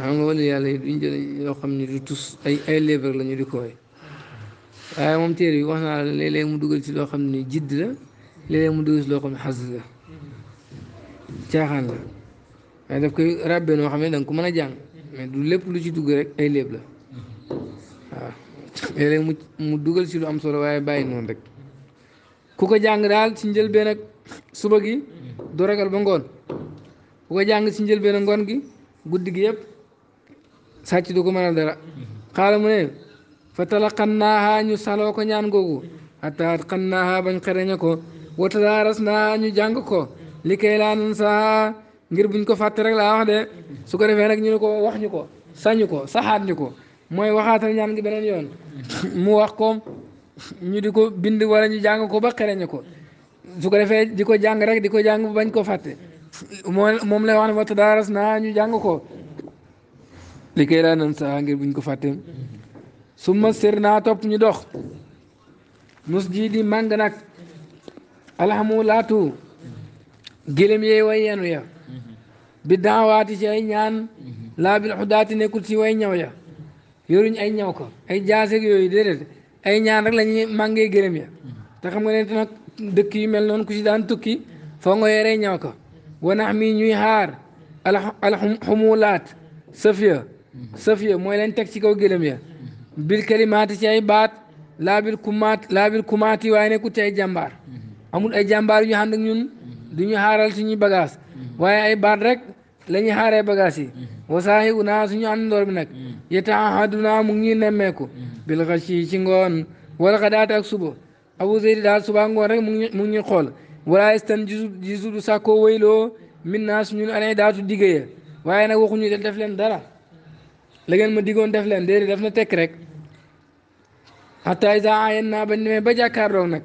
S1: xam nga wala yàlla yi yoo xam ne du tus ay ay léebar ñu di ko woy waaye moom téere wax naa la mu dugal ci loo xam ne jidd la léeg mu dugal ci loo xam noo xam ne ko mën a jàng mais lépp lu ci dugg rek ay la waaw dugal ci lu am solo waaye bàyyi noonu rek ku ko jàng daal ci njëlbeen suba gi du ragal ba ngoon ku ko jàng ci njëlbeen ngoon gi guddi gi yëpp sàcc du ko mënal dara xaala mu ne fa talaqannaaha ñu saloo ko ñaan googu hatta atqannaaha bañ xereñe ko wa na ñu jàng ko li kay sa ngir buñ ko fàtte rek laa wax de su ko defee nag ñu ne ko wax ñu ko sañu ko saxaat ko mooy waxaatal ñaan gi beneen yoon mu wax ko ñu di ko bind wala ñu jàng ko ba xereñe ko ko defee di ko jàng rek di ko jàng bañ ko fàtte moom moom lay wax ne wa tadaaras naa ñu jàng ko li koy ko fàtte su ma sér naa topp ñu dox mus ji di màng nag alxamu laatu gélém way yenu ya bi daawaati ci ay ñaan laa bil xudaati ci way ñaw ya yoruñ ay ñaw ko ay jaaseeg yooyu déedéet ay ñaan rek lañuy màngee gélém ya te nga ne nag dëkk yu mel noonu ku ci daan tukki foo nga yoree ñaw ko wanax mi ñuy xaar alxumulaat safiya Mm-hmm. safiya mooy lañ teg ci kaw gëlëm ya mm-hmm. bil kalimaati ci ay baat laa bil kumaat laa bil kumaati waaye nekkul ci ay jàmbaar mm-hmm. amul ay jàmbaar yu ñu ànd ak ñun du ñu xaaral suñuy bagage waaye ay baat rek la ñuy xaaree bagage yi wasaahi unaa suñu àndandoor bi nag yetaahaduna mu ngi nemmeeku bil xashi ci ngoon wala xadaati ak suba abu zeydi daal subaa ngoon rek mu ngi mu ngi xool wala stan jisu du sàkkoo wayloo min naa suñu anay daatu diggéeya waaye nag waxuñu def leen dara la ma diggoon def leen déedéet daf na tekk rek xataa isa ayen naa bañ demee ba jàkkaarloog nag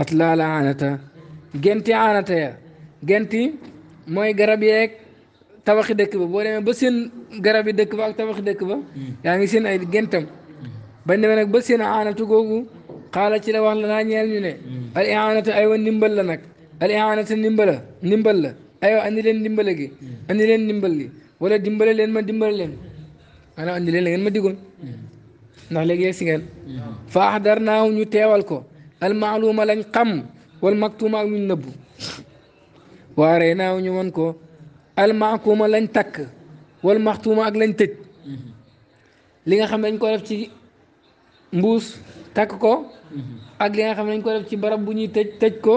S1: at laala aanata genti aanata ya genti mooy garab yeeg tabaxi dëkk ba boo demee ba seen garab yi dëkk ba ak tabaxi dëkk ba hmm. yaa ngi seen ay gentam hmm. bañ demee nag ba seen aanatu googu xaala ci la wax la naa ñeel ñu ne hmm. al ianata aywa ndimbal la nag al ianata ndimbala ndimbal la aywa andi leen ndimbale leen ndimbal wala dimbale leen ma dimbale leen maanaam andi leen la ma digoon ndax léegi yegg ngeen fa axdar naahu ñu teewal ko almaaluuma lañ xam wal maktuuma ak ñu nëbbu waaree ñu won ko almaakuuma lañ takk wal maxtuuma ak lañ tëj li nga xam ne dañ ko ci mbuus takk ko ak li nga xam ne dañ ko ci barab bu ñuy tëj tëj ko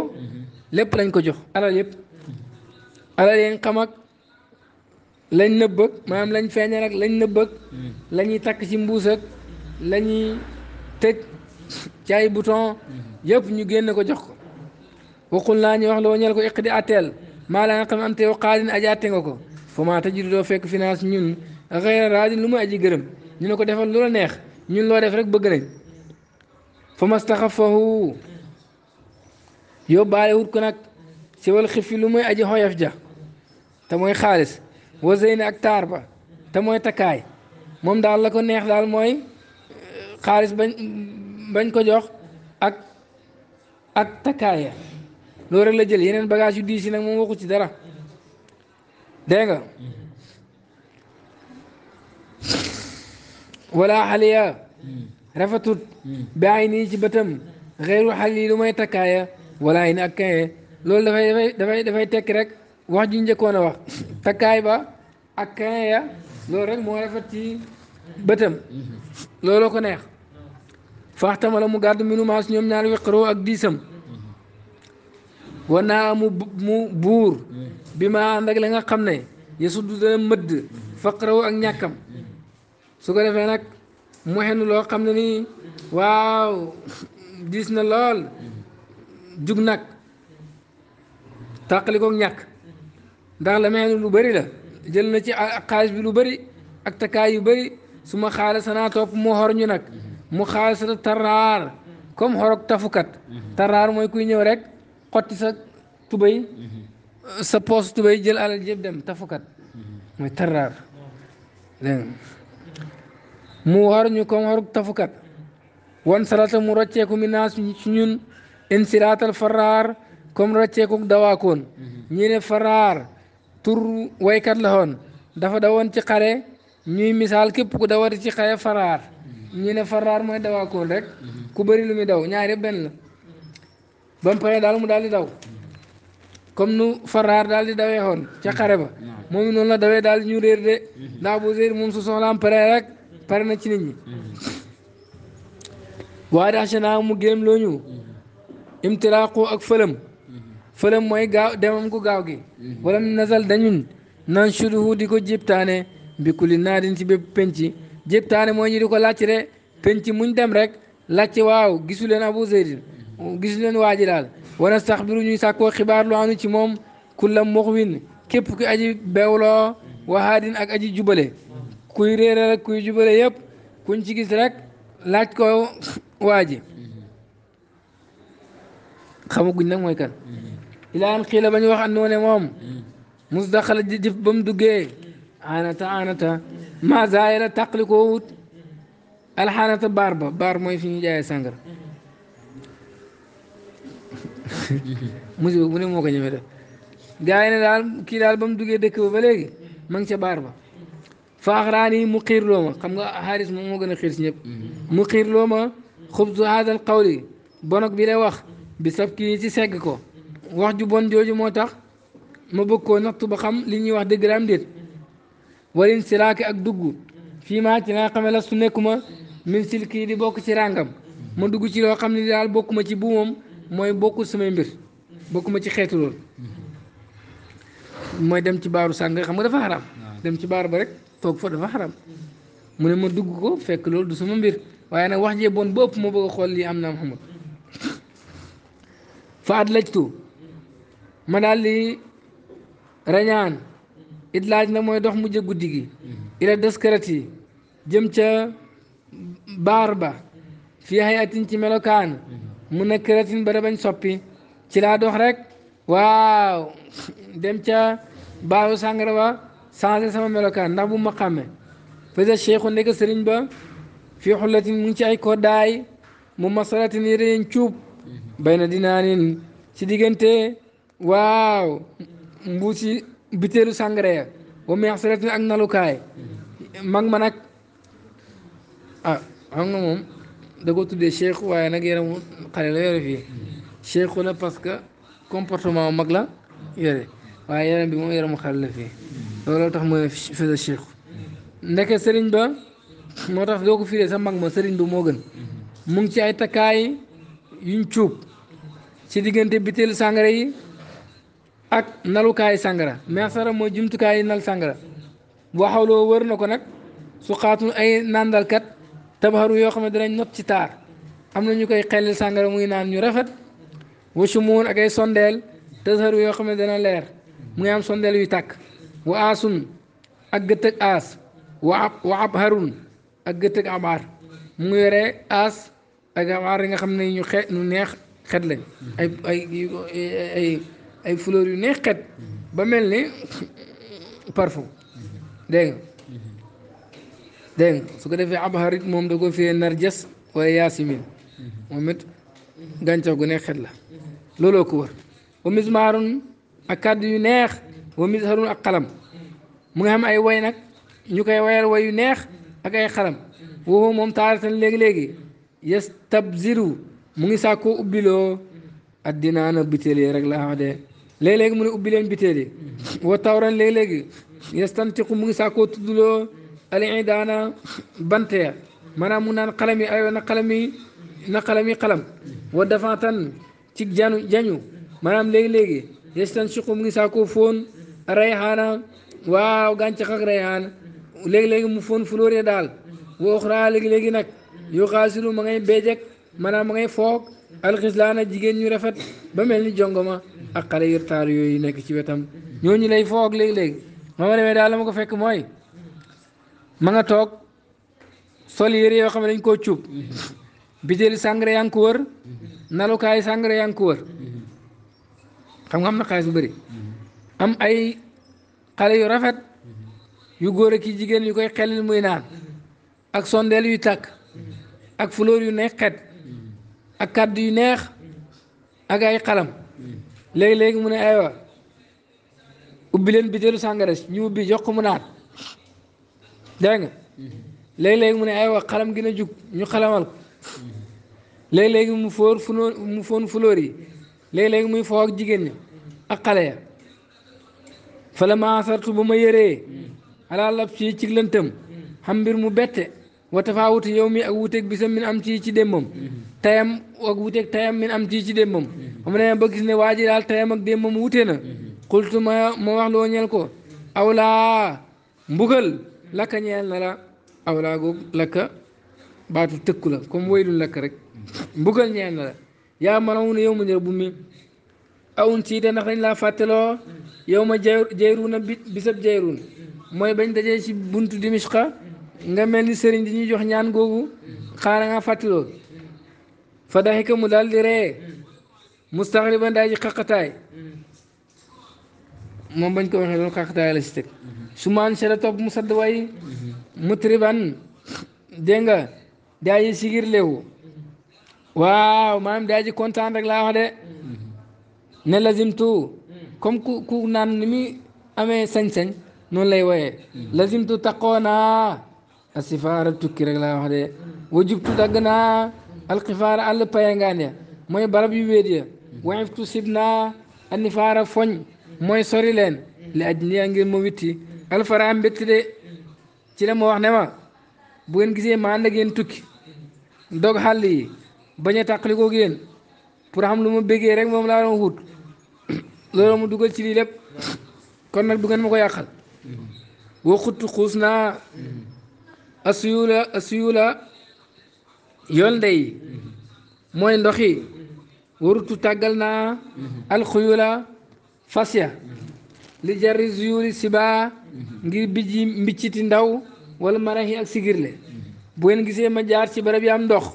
S1: lépp lañ ko jox alal yëpp alal yeen xam lañ nëbb ak lañ feeñal ak lañ nëbb hmm. lañuy takk ci mbuusak ak la ñuy tëj ci ay bouton hmm. yëpp ñu génn ko jox ko waxul naa ñu wax la wañal ko iq di atteel maa la nga xam am te yow xaalin aji nga ko fa maa doo fekk finance ñun xëyra raadin lu mu aji gërëm ñu ne ko defal lu la neex ñun loo def rek bëgg nañ fa mastaxafahu yóbbaale wut ko nag si wal lu muy aji xoyof ja te mooy xaalis waseyni ak taar ba te mooy takkaay moom daal la ko neex daal mooy xaalis bañ bañ ko jox ak ak takkaaya loolu rek la jël yeneen bagage yu diis yi nag moom waxu ci dara dégg nga wala xaliya rafetut bàyyi nii ci bëtam xeeru xal yi lu may takkaaya wala yi ni ak kaye loolu dafay dafay dafay tekki rek wax ji njëkkoon a wax takkaay ba ak kañ ya loolu rek moo rafet ci bëtam looloo ko neex faaxtama la mu gàddu minu maas ñoom ñaar weqaroo ak diisam wanaa mu buur bi ma ànd ak nga xam ne yesu du dana mëdd faqaraw ak ñàkkam su ko defee nag mu xenu loo xam ne nii waaw diis na lool jug nag tàqalikook ñàkk ndax la meenu lu bëri la jël na ci xaalis bi lu bëri ak takkaay yu bëri su ma xaalisanaa topp mu xor ñu nag mu xaalisata taraar comme xorog tafukat taraar mooy kuy ñëw rek xotti sa tubay sa poos tubay jël alal yëpp dem tafukat mooy taraar dégg mu xor ñu comme xorog tafukat wan salata mu rocceeku mi naa su ñun insiraatal faraar comme rocceeku dawaakoon ñi ne faraar tur waykat la woon dafa dawoon ci xare ñuy misaal képp ku dawati ci xare faraar ñu ne faraar mooy dawaakoon rek ku bari lu muy daw ñaari benn la ba mu paree daal mu daal di daw comme nu faraar daal di dawee woon ca xare ba moom noonu la dawee daal ñu réer de ndax bu réer moom su soxlaam pare rek pare na ci nit ñi waaye mu géem loo ñu imtiraaqu ak fëlëm fële mooy gaaw demam gu gaaw gi mhm. wala nasal dañun nan suduhu di ko jiptaane bi kulli naadin ci bépp penc jiptaane mooy ñu ko làcc de penc muñ dem rek làcc waaw gisu leen abu zeydin gisu leen waaji daal wana sax biru ñuy sàkkoo xibaar lu anu ci moom kulla muxwin képp ki aji bewloo waxaadin ak aji jubale kuy réeral ak kuy jubale yëpp kuñ ci gis rek laaj ko waaji mhm. xamaguñ nag mooy kan mhm. الى ان قيل بني واخ انو ني موم مزدخل جيف بام دوغي انا تا انا تا ما زايل تقلكو الحانة باربا بار موي فيني جاي سانغر مزي بني موكا نيمي داف جاي دال كي دال بام دوغي دك با لغي مان سي باربا فاخراني مقير لوما خمغا حارس مو مو غنا خير سي نيب مقير لوما خبز هذا القول بنك بي لا واخ بسبكي سي سيغكو wax ju bon joju motax ma bëgg nak tu ba xam li ñuy wax deug ram déet walin silaake ak dugg fi ma ci na xamee la su nekuma min silki di bokk ci ràngam ma dugg ci lo xamni dal daal bokkuma ci buumam moy bokku samay mbir bokkuma ci xeetu lool moy dem ci baru sàng xam nga dafa haram dem ci bar ba rek tok fa dafa haram mu ne ma dugg ko fekk loolu du sama mbir waaye nag wax jee bon ba ëpp ma bëgg a xool lii am na am fa adlajtu ma daal di rañaan it laaj na mooy dox mujj guddi gi ila dëskërat yi jëm ca baar ba fii hayatin ci melokaan mu na këratin bañ soppi ci laa dox rek waaw dem ca baaru sàngara ba changé sama melokaan ndax bu ma xàmme fasa cheikhu nekk sëriñ ba fii xullatin mu ci ay koddaay mu masalatin yërëyeen cuub bay na dinaa ci diggante waaw mbuusi biteelu sàngara ya wa meex saratin ak nalukaay mag ma nag ah xam nga moom da tuddee cheikh waaye nag yaramu xale la yore fii cheikh parce que comportement mag la yore waaye yaram bi moom yaramu xale la fii looloo tax mooy fisa cheikh ndeke sëriñ ba moo tax doo ko sa mag ma sëriñ bi moo gën mu ngi ay takkaay yuñ cuub ci diggante biteelu sàngara yi ak nalukaay sàngara sara mooy jumtukaay nal sàngara waxaloo wër na ko nag su xaatu ay nàndalkat tabaxaru yoo xam ne danañ not ci taar am na ñu koy xellil sàngara muy naan ñu rafet wasumoon ak ay sondeel tasaru yoo xam ne dana leer mu ngi am sondeel yu tàkk wa aasun ak gëttëg aas wa wa ab harun ak gëttëg abaar mu ngi yore aas ak abaar yi nga xam ne neex xet lañ ay fleurs yu neex xet ba mel ni parfum dégg nga dégg nga su ko defee ab xarit moom da ko fiyee narjas waaye yaasimine moom it gàncax gu neex xet la looloo ko wër wa mismaarun ak kàddu yu neex wa misharun ak xalam mu nga xam ay way nag ñu koy wayal way yu neex ak ay xalam woowu moom taaratan léegi-léegi yastabziru mu ngi sàkkoo ubbiloo ak dinaa na biteel yi rek laa wax de léeg-léegi mu ne ubbi leen biteel yi wa tawran léeg-léegi yastantiqu mu ngi saakoo tuddloo ali daana manaam mu naan xalam yi ayoo na xalam yi na xalam yi xalam wa dafantan ci janu jañu maanaam léegi-léegi yastantiqu mu ngi saakoo foon rayhaana waaw gàncax ak rayhaan léegi-léegi mu foon flóore daal wa oxra léegi-léegi nag yu xaasiru ma ngay beejek maanaam ma ngay foog alxislaana jigéen ñu rafet ba mel ni jongoma ak xale yu taaru yooyu nekk ci wetam ñooñu lay foog léegi-léegi ma ma demee daal la ma ko fekk mooy ma nga toog sol yére yoo xam ne dañ koo cuub bitéeli sàngara yaa ngi ko wër nalukaay sàngara yaa ngi ko wër xam nga am na xaalis bu bëri am ay xale yu rafet yu góor ak jigéen yu koy xelil muy naan ak sondeel yu tàkk ak fleur yu neex xet ak kàddu yu neex ak ay xalam léegi-léegi mu ne aywa ubbi leen bitéelu sàngara si ñu ubbi jox ko mu naat dégg nga léegi-léegi mu ne ay wax xalam gi na jug ñu xalamal ko léegi-léegi mu fóor funoo mu foon fulóor yi léegi-léegi muy foo ak jigéen ñi ak xale ya fala ma sartu ba ma yëree alaa lab ci ci lëntëm xam mbir mu bette wa tafaawuti yow mi ak wuteeg bisam min am ci ci démbam tayam ak wuteeg tayam min am tii ci démbam ba mu demee ba gis ne waa ji daal tayam ak démbam wute na xultu ma wax loo ñeel ko awlaa mbugal lakka ñeel na la awlaa googu lakka baatu tëkku la comme waylun lakka rek mbugal ñeel na la yaa manawu na yow ma njër bu mi awun siite ndax dañ laa fàtteloo yow ma jayruuna bi bisab jayruun mooy bañ dajee ci buntu dimishqa nga mel ni sëriñ di ñuy jox ñaan googu xaara nga fàtteloo fa daxika mu daal di ree hmm. mustaxriban daa ji moom hmm. bañ ko waxee loolu xaqataay la si teg hmm. su maan sera topp mu sadd way mutriban dégg nga daa ji sigir léewu waaw maanaam daa ji kontaan rek laa wax de lazimtu comme ku ku naan ni muy amee sañ-sañ noonu lay woyee lazimtu taqoonaa asifaara tukki rek laa wax de wajubtu alxifaara àll payangaan ya mooy barab yu wéet ya waxiftu sib naa anifaara foñ mooy sori leen li aj ni ngir ma witti alfara mbétti de ci la ma wax ne ma bu ngeen gisee ma ànd ak tukki dog xal yi bañ a tàqalikoo yéen pour xam lu ma béggee rek moom laa doon wut loolu mu dugal ci lii lépp kon nag du ngeen ma ko yàqal waxut xuus naa asuyula asuyula yool ndey mooy ndoxi warutu tàggal naa alxuyula fas ya li jarri zuyuli siba ngir bijji mbicciti ndaw wala maraxi ak sigirle bu ngeen gisee ma jaar ci barab yi am ndox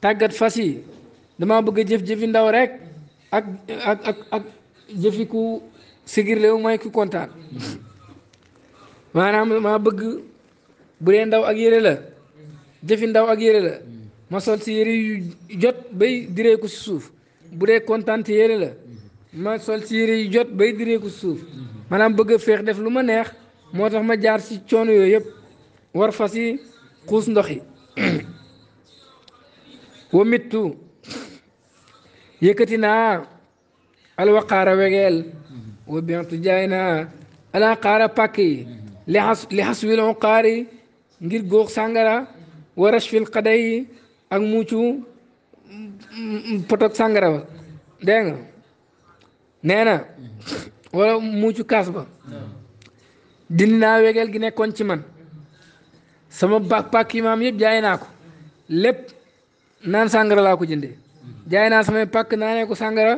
S1: tàggat fas yi dama bëgg a jëf-jëfi ndaw rek ak ak ak ak jëfi ku kontaan maanaam damaa bëgg bu ndaw ak yére la jëfi ndaw ak yére la ma sol si yére yu jot bay diree ko suuf bu dee kontaan yére la ma sol si yére yu jot bay diree ko si suuf maanaam bëgg feex def lu ma neex moo tax ma jaar si coono yooyu yëpp war fas yi xuus ndox yi wa mittu yëkkati naa alwaqaara wegeel wa bientu jaay naa alaqaara pàkk li xas li xas ngir góox sàngara wa rashfil xada yi ak muccu potok sangara ba dégg nga nee wala muccu kas ba dindi naa wegeel gi nekkon ci man sama bak pak imam yeb yëpp jaay naa ko lépp naan sàngara laa ko jinde jaay na sama pak naanee ko sangara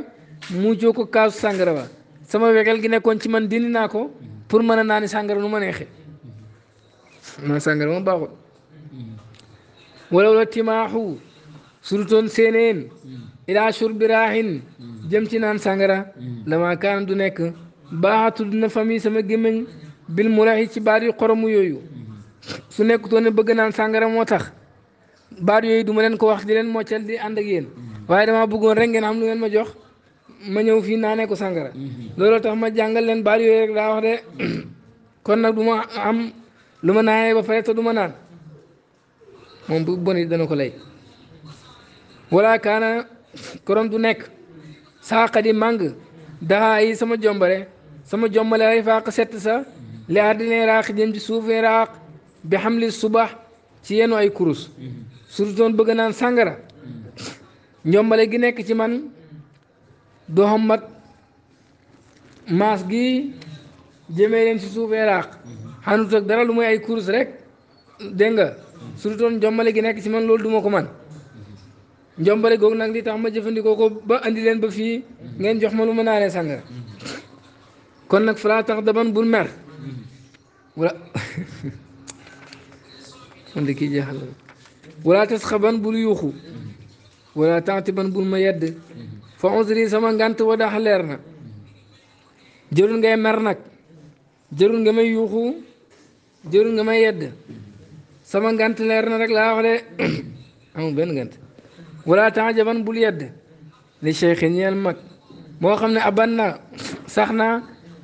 S1: muccu ko kas sangara ba sama wegel gi nekkon ci man dindi naa ko pour mën a sangara nu ma neexee man sàngara ma baaxul walaw la timaaxu surutoon séeneen ilaa shurbi raaxin jëm ci naan sàngara lama kaana du nekk baaxatul na fami sama gémmiñ bil muraxi ci baat yu xoromu yooyu su nekkutoon ne bëgg naan sàngara moo tax baat yooyu duma ma leen ko wax di leen moccal di ànd ak yéen waaye damaa bëggoon rek ngeen xam lu ngeen ma jox ma ñëw fii naanee ko sàngara looloo tax ma jàngal leen baat yooyu rek daa nag du ma am lu ma naanee ba pare te du ma naan moom bu bon dana ko lay wala kaana korom nekk saaka di màng daxaa sama jombale sama jombale ay faaq sett sa li ardine raaq jëm ci suufee raaq bi xam li subax ci yenu ay kurus surtout bëgg naan sàngara njombale gi nekk ci man doo xam mat maas gi jëmee leen ci suufee raaq xanut ak dara lu muy ay kurus rek Denga, nga su dutoon njombale gi nekk ci man loolu du ma ko man njombale googu nag li tax ma ko ba andi len ba fi ngeen jox ma lu ma naanee kon nak falaa tax daban bul mer wala man de kii jeexal wala tas kaban bul yuuxu wala taatiban bul ma fa onsri sama ngant wa dax na jërul ngay mer nak jërul may jërul sama ngant leer na rek laa wax de amul benn ngant wala taajaban bul yedd li cheikh ñeel mag moo xam ne aban na sax na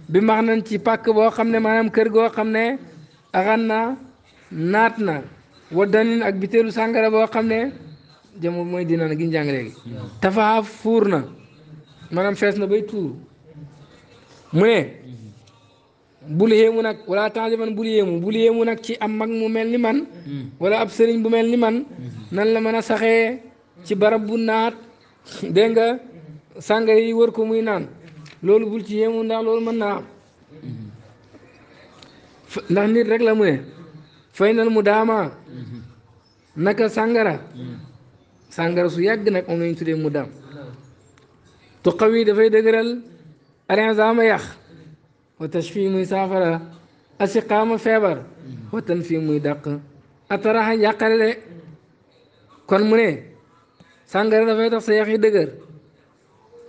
S1: bi max nañ ci pàkk boo xam ne maanaam kër goo xam ne axan na naat na waddanin ak biteelu sàngara boo xam ne jamono mooy dinaan gi njàng léegi tafaxa fuur na maanaam fees na bay tuur mu ne bul yéemu nag wala taajaban bul yéemu bul nag ci am mag mu mel ni man mm. wala ab sëriñ bu mel ni man mm-hmm. nan la mën a saxee ci barab bu naat dégg nga sàngara yi wër ko muy naan loolu bul ci yéemu ndax loolu mën naa am mm-hmm. ndax nit rek la mu ne fay nal mu daama mm-hmm. naka sàngara sàngara su yàgg nag moom lañu tuddee mu daam tu xaw yi dafay dëgëral arinsaama yàq wa tashfi muy saafara asiqaama feebar mm-hmm. watan tan fii muy dàq ataraxa njàqare de kon mu ne sàngara dafay tax sa yax yi dëgër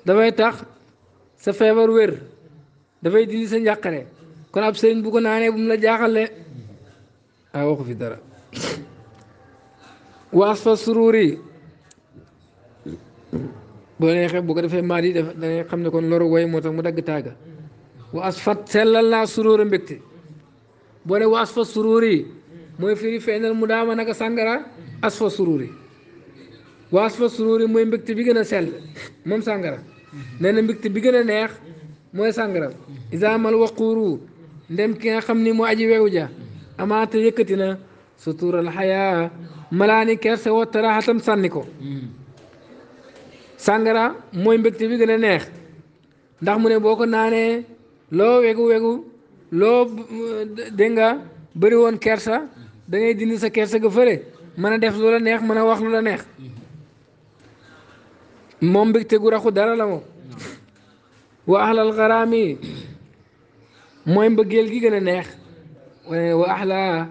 S1: dafay tax sa feebar wér dafay dindi sa njàqare kon ab sëriñ bu ko naanee bu mu la jaaxale mm-hmm. a ah, waxu fi dara waas fa suruur yi boo neexee bu ko defee maat yi daf xam ne kon loru way moo tax mu dagg tàgga wa asfat sellal naa a mbégte boo ne wa asfat suróor yi mooy firi feeñal mu daama naka sàngara asfa suróor yi wa asfa suróor yi mooy mbégte bi gën a sell moom sàngara nee na bi gën a neex mooy sàngara isaamal waquuru ndem ki nga xam ni mu aji wewu ja amaata yëkkati na sutural xayaa malaani kerse wa taraxatam sànni ko sàngara mooy mbégte bi gën a neex ndax mu ne boo ko naanee loo wegu wegu loo dégg nga bëri woon kersa dangay ngay sa kersa ga fële mën a def lu la neex mën a wax la neex moom mbégte gu raxu dara la moom wa ahlal xaraami mooy mbëggeel gi gën a neex wa ahla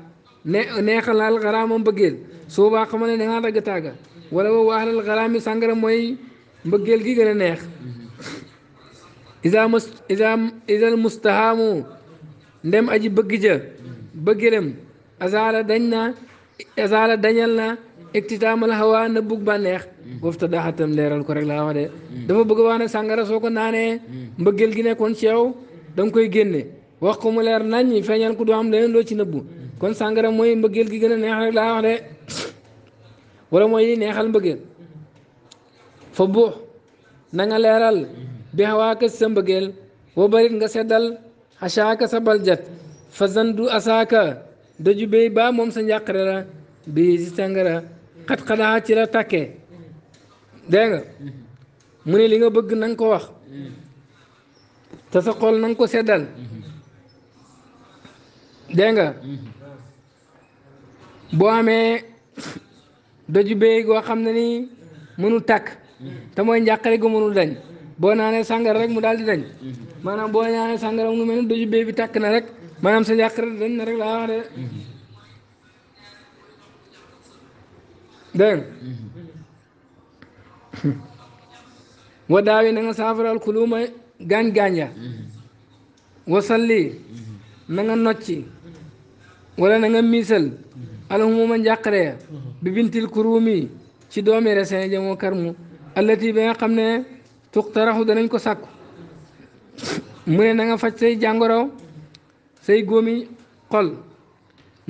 S1: neexal na alxaraama mbëggeel soo baa ma ne da ngaa dagg tàgga wala wa ahlal xaraami sàngara mooy mbëggeel gi gën a neex isa mus isa isal mustahaamu ndem aji bëgg ja bëggiram asaala na asaala dañal na iktitaamal hawa na bug bànneex wafta daxatam leeral ko rek laa wax de dafa bëgg wax ne sàngara soo ko naanee mbëggeel gi nekkoon ci yow da nga koy génne wax ko mu leer nañ feeñal ko du am leneen loo ci nëbbu kon sàngara mooy mbëggeel gi gën a neex rek laa wax de wala mooy neexal mbëggeel fa buux na leeral bi xawaaka sa mbëggeel boo barit nga seddal xasaaka sa baljat fa zandu asaaka daju béy baa moom sa njàqare la bii si sàngara xat-xadaa ci la takke dégg nga mu ne li nga bëgg nang nga ko wax te sa xol na ko seddal dégg nga boo amee daju béy goo xam ne ni mënu tàkk te mooy njàqare gu mënul dañ boo naanee sàngara rek mu daal di dañ mhm. maanaam boo naanee sàngara mu mel ne doju bee bi tàkk na rek maanaam sa njàqare dañ na rek laa wax de mhm. dégg mhm. wa daawi na nga saafaral xuluuma gaañ gaaña wa salli na nga nocci wala na nga miisal alhumuma njàqare bi bintil kuruumi ci doomi resin jamoo karmu allati bi nga xam ne tuqtaraxu danañ ko sàkku mu ne na nga faj say jàngoro say góomi xol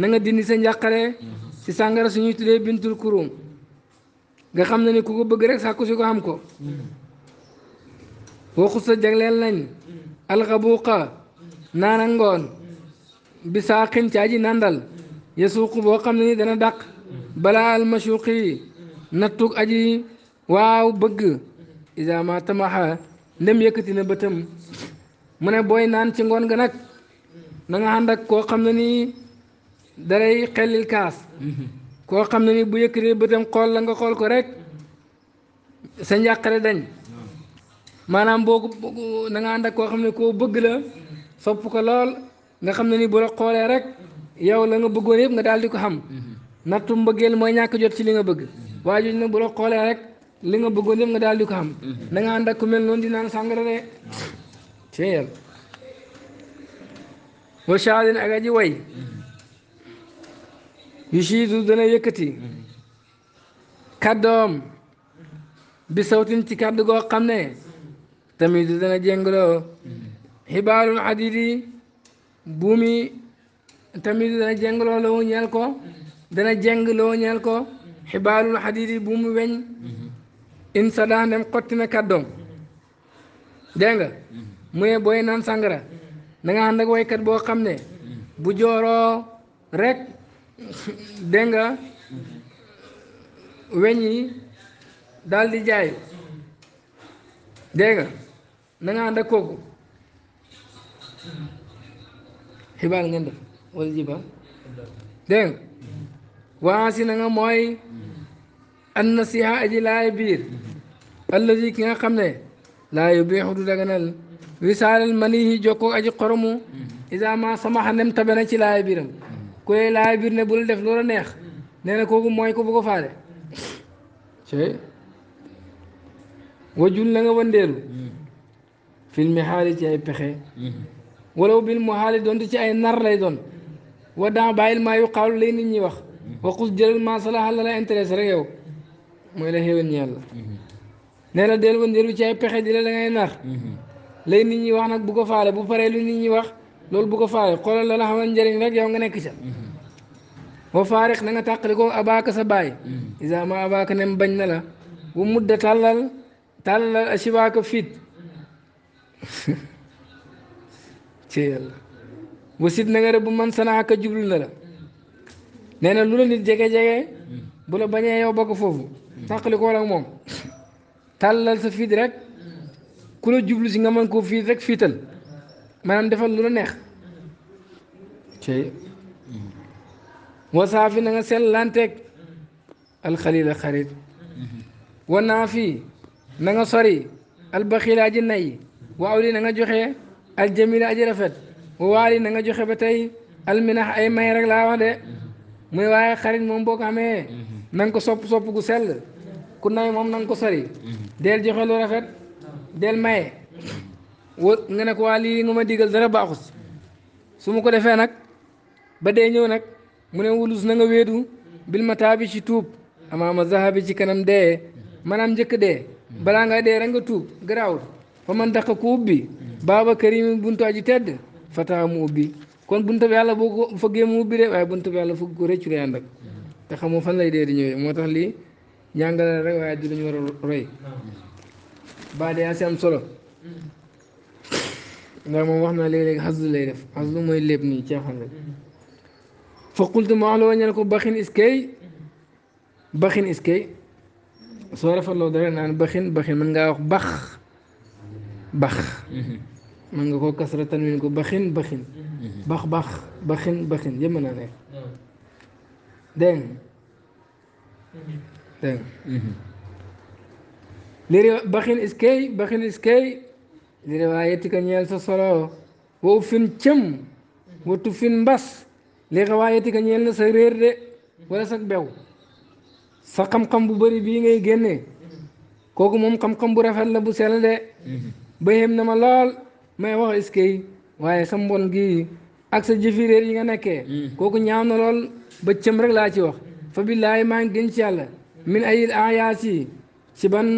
S1: nanga dindi sa njàqare ci sàngara si ñuy tuddee bintu kurum nga xam ne ni ku ko bëgg rek sàkku si ko am ko waxu sa jagleel nañ alxabuuqa naana ngoon bi saa xin caaji nandal yesuuqu boo xam ne ni dana dàq balaa almashuuqi nattug aji waaw bëgg isa ma tamaxa ndem yëkkati na bëtam mu ne booy naan ci ngoon ga nag na nga ànd ak koo xam ne nii dalay xellil kaas koo xam ne ni bu yëkkatee bëtam xool la nga xool ko rek sa njàqare dañ maanaam boo na nga ànd ak koo xam ne koo bëgg la sopp ko lool nga xam ne ni bu la xoolee rek yow la nga bëggoon yëpp nga daal di ko xam mhm. nattu mbëggeel mooy ñàkk jot ci li nga bëgg mhm. waaye jooju nag bu la xoolee rek li nga bëggoon yëpp nga daal di ko am na mhm. nga ànd ak ku di naan sàngara de cee yàlla wa way mhm. yu dana yëkkati mhm. kàddoom bi sawtin ci kàddu goo xam ne tamit du dana jéngloo xibaarul adidi buumi ñeel ko dana jéng loo ñeel ko xibaarul adidi buumi weñ insada dem xotti na kàddoom dégg nga mu booy naan sàngara da nga ànd ak boo xam ne bu jooroo rek dégg nga daldi yi daal di jaay dégg nga na kooku xibaar ngeen def wala waasi na nga mooy an biir allazi ki nga xam ne laa yubixu du daganal wisaalal manihi jokkoo aji xoromu isa ma samaxa nem tabe ci laaya biiram ku lay laaya biir ne bu def loola neex nee na kooku mooy ko bu ko faale wajul nga wandeelu filmi ci ay pexe walaw bil mu xaali doon ci ay nar lay don wa daa bàyyil maa yu lay nit ñi wax waxus jëlal maa salaxa la la intéressé rek yow mooy la xéwén ñi yàlla nee na del wëndeelu ci ay pexe di la da mhm. lay nit ñi wax nag bu ko faale bu paree lu nit ñi wax loolu bu ko faale xoolal la la xamal njariñ rek yow nga nekk ca boo mhm. faarix na nga ko abaaka sa baay mhm. isa ma abaaka bañ na la bu mudda tàllal tàllal bu sit na nga rëbb man jublu na la nee na lu la nit jege-jege bu la bañee yow ba ko foofu tàqali ko moom tàllal sa fiit rek ku la jublu si nga mën koo fiit rek fiital maanaam defal lu la neex wasaafi na nga sellanteeg alxalila xarit wa naafi na nga sori albaxiila aji nay wa awli na nga joxe aljamila aji rafet wa waali na nga joxe ba tey alminax ay may rek laa wax de muy waaye xarit moom boo ko amee na ko sopp sopp gu sell ku nay moom na ko sori del joxe lu rafet del maye nga ne ko waa lii nga ma digal dara baaxus su ma ko defee nag ba dee ñëw nag mu ne wulus na nga wéedu bil mataa bi ci tuub amaama zahabi ci kanam dee maanaam njëkk dee balaa nga dee rek nga tuub garaawul fa man daq ko ubbi baaba karimi buntu aji tedd fataa mu ubbi kon buntu bi yàlla boo ko fëggee mu ubbi de waaye buntu bi yàlla fog ko rëccu lay ànd ak te xamoo fan lay dee di ñëwee moo tax lii jàngale la rek waaye du lañu war a roy ba de yaa si am solo ndax moom wax na léeg-léeg xaslu lay def mooy lépp nii ceexan rek fa qultu ma wax la waññal ko baxin iskay baxin iskay soo rafetloo dara naan baxin baxin mën ngaa wax bax bax mën nga koo ko baxin baxin bax bax baxin baxin yëpp nekk dégg mhm. nga li riwa baxin iskay baxin iskay li riwaayati ñeel sa solo wow fin cëm watu fin mbas li riwaayati ka ñeel na sa réer de wala sa bew sa xam-xam bu bari bii ngay génnee kooku moom xam-xam bu rafet la bu sell de mhm. ba yem na ma lool may wax iskay waaye sa mbon gi ak sa jëfi réer yi nga nekkee mhm. kooku ñaaw na lool ba cëm rek laa ci wax fa billaahi maa ngi gën ci yàlla min ayil ayaas yi si ban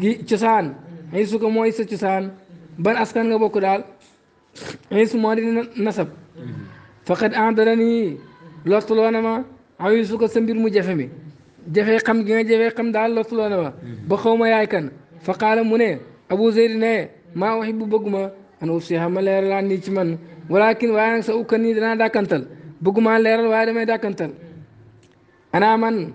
S1: gi cosaan ay su mooy sa cosaan ban askan nga bokk daal ay su moo di nasab faqad andara nii lortuloo na ay su ko mbir mu jafe mi jafee xam gi nga daal lortuloo na ma ma yaay kan fa mu ne abu zeydi ne maa waxi bu bëgg ma an usiha ma leeralaan nii ci man walakin waaye nag sa ukkan nii danaa dàkkantal bëgguma leeral waaye damay dàkkantal أنا من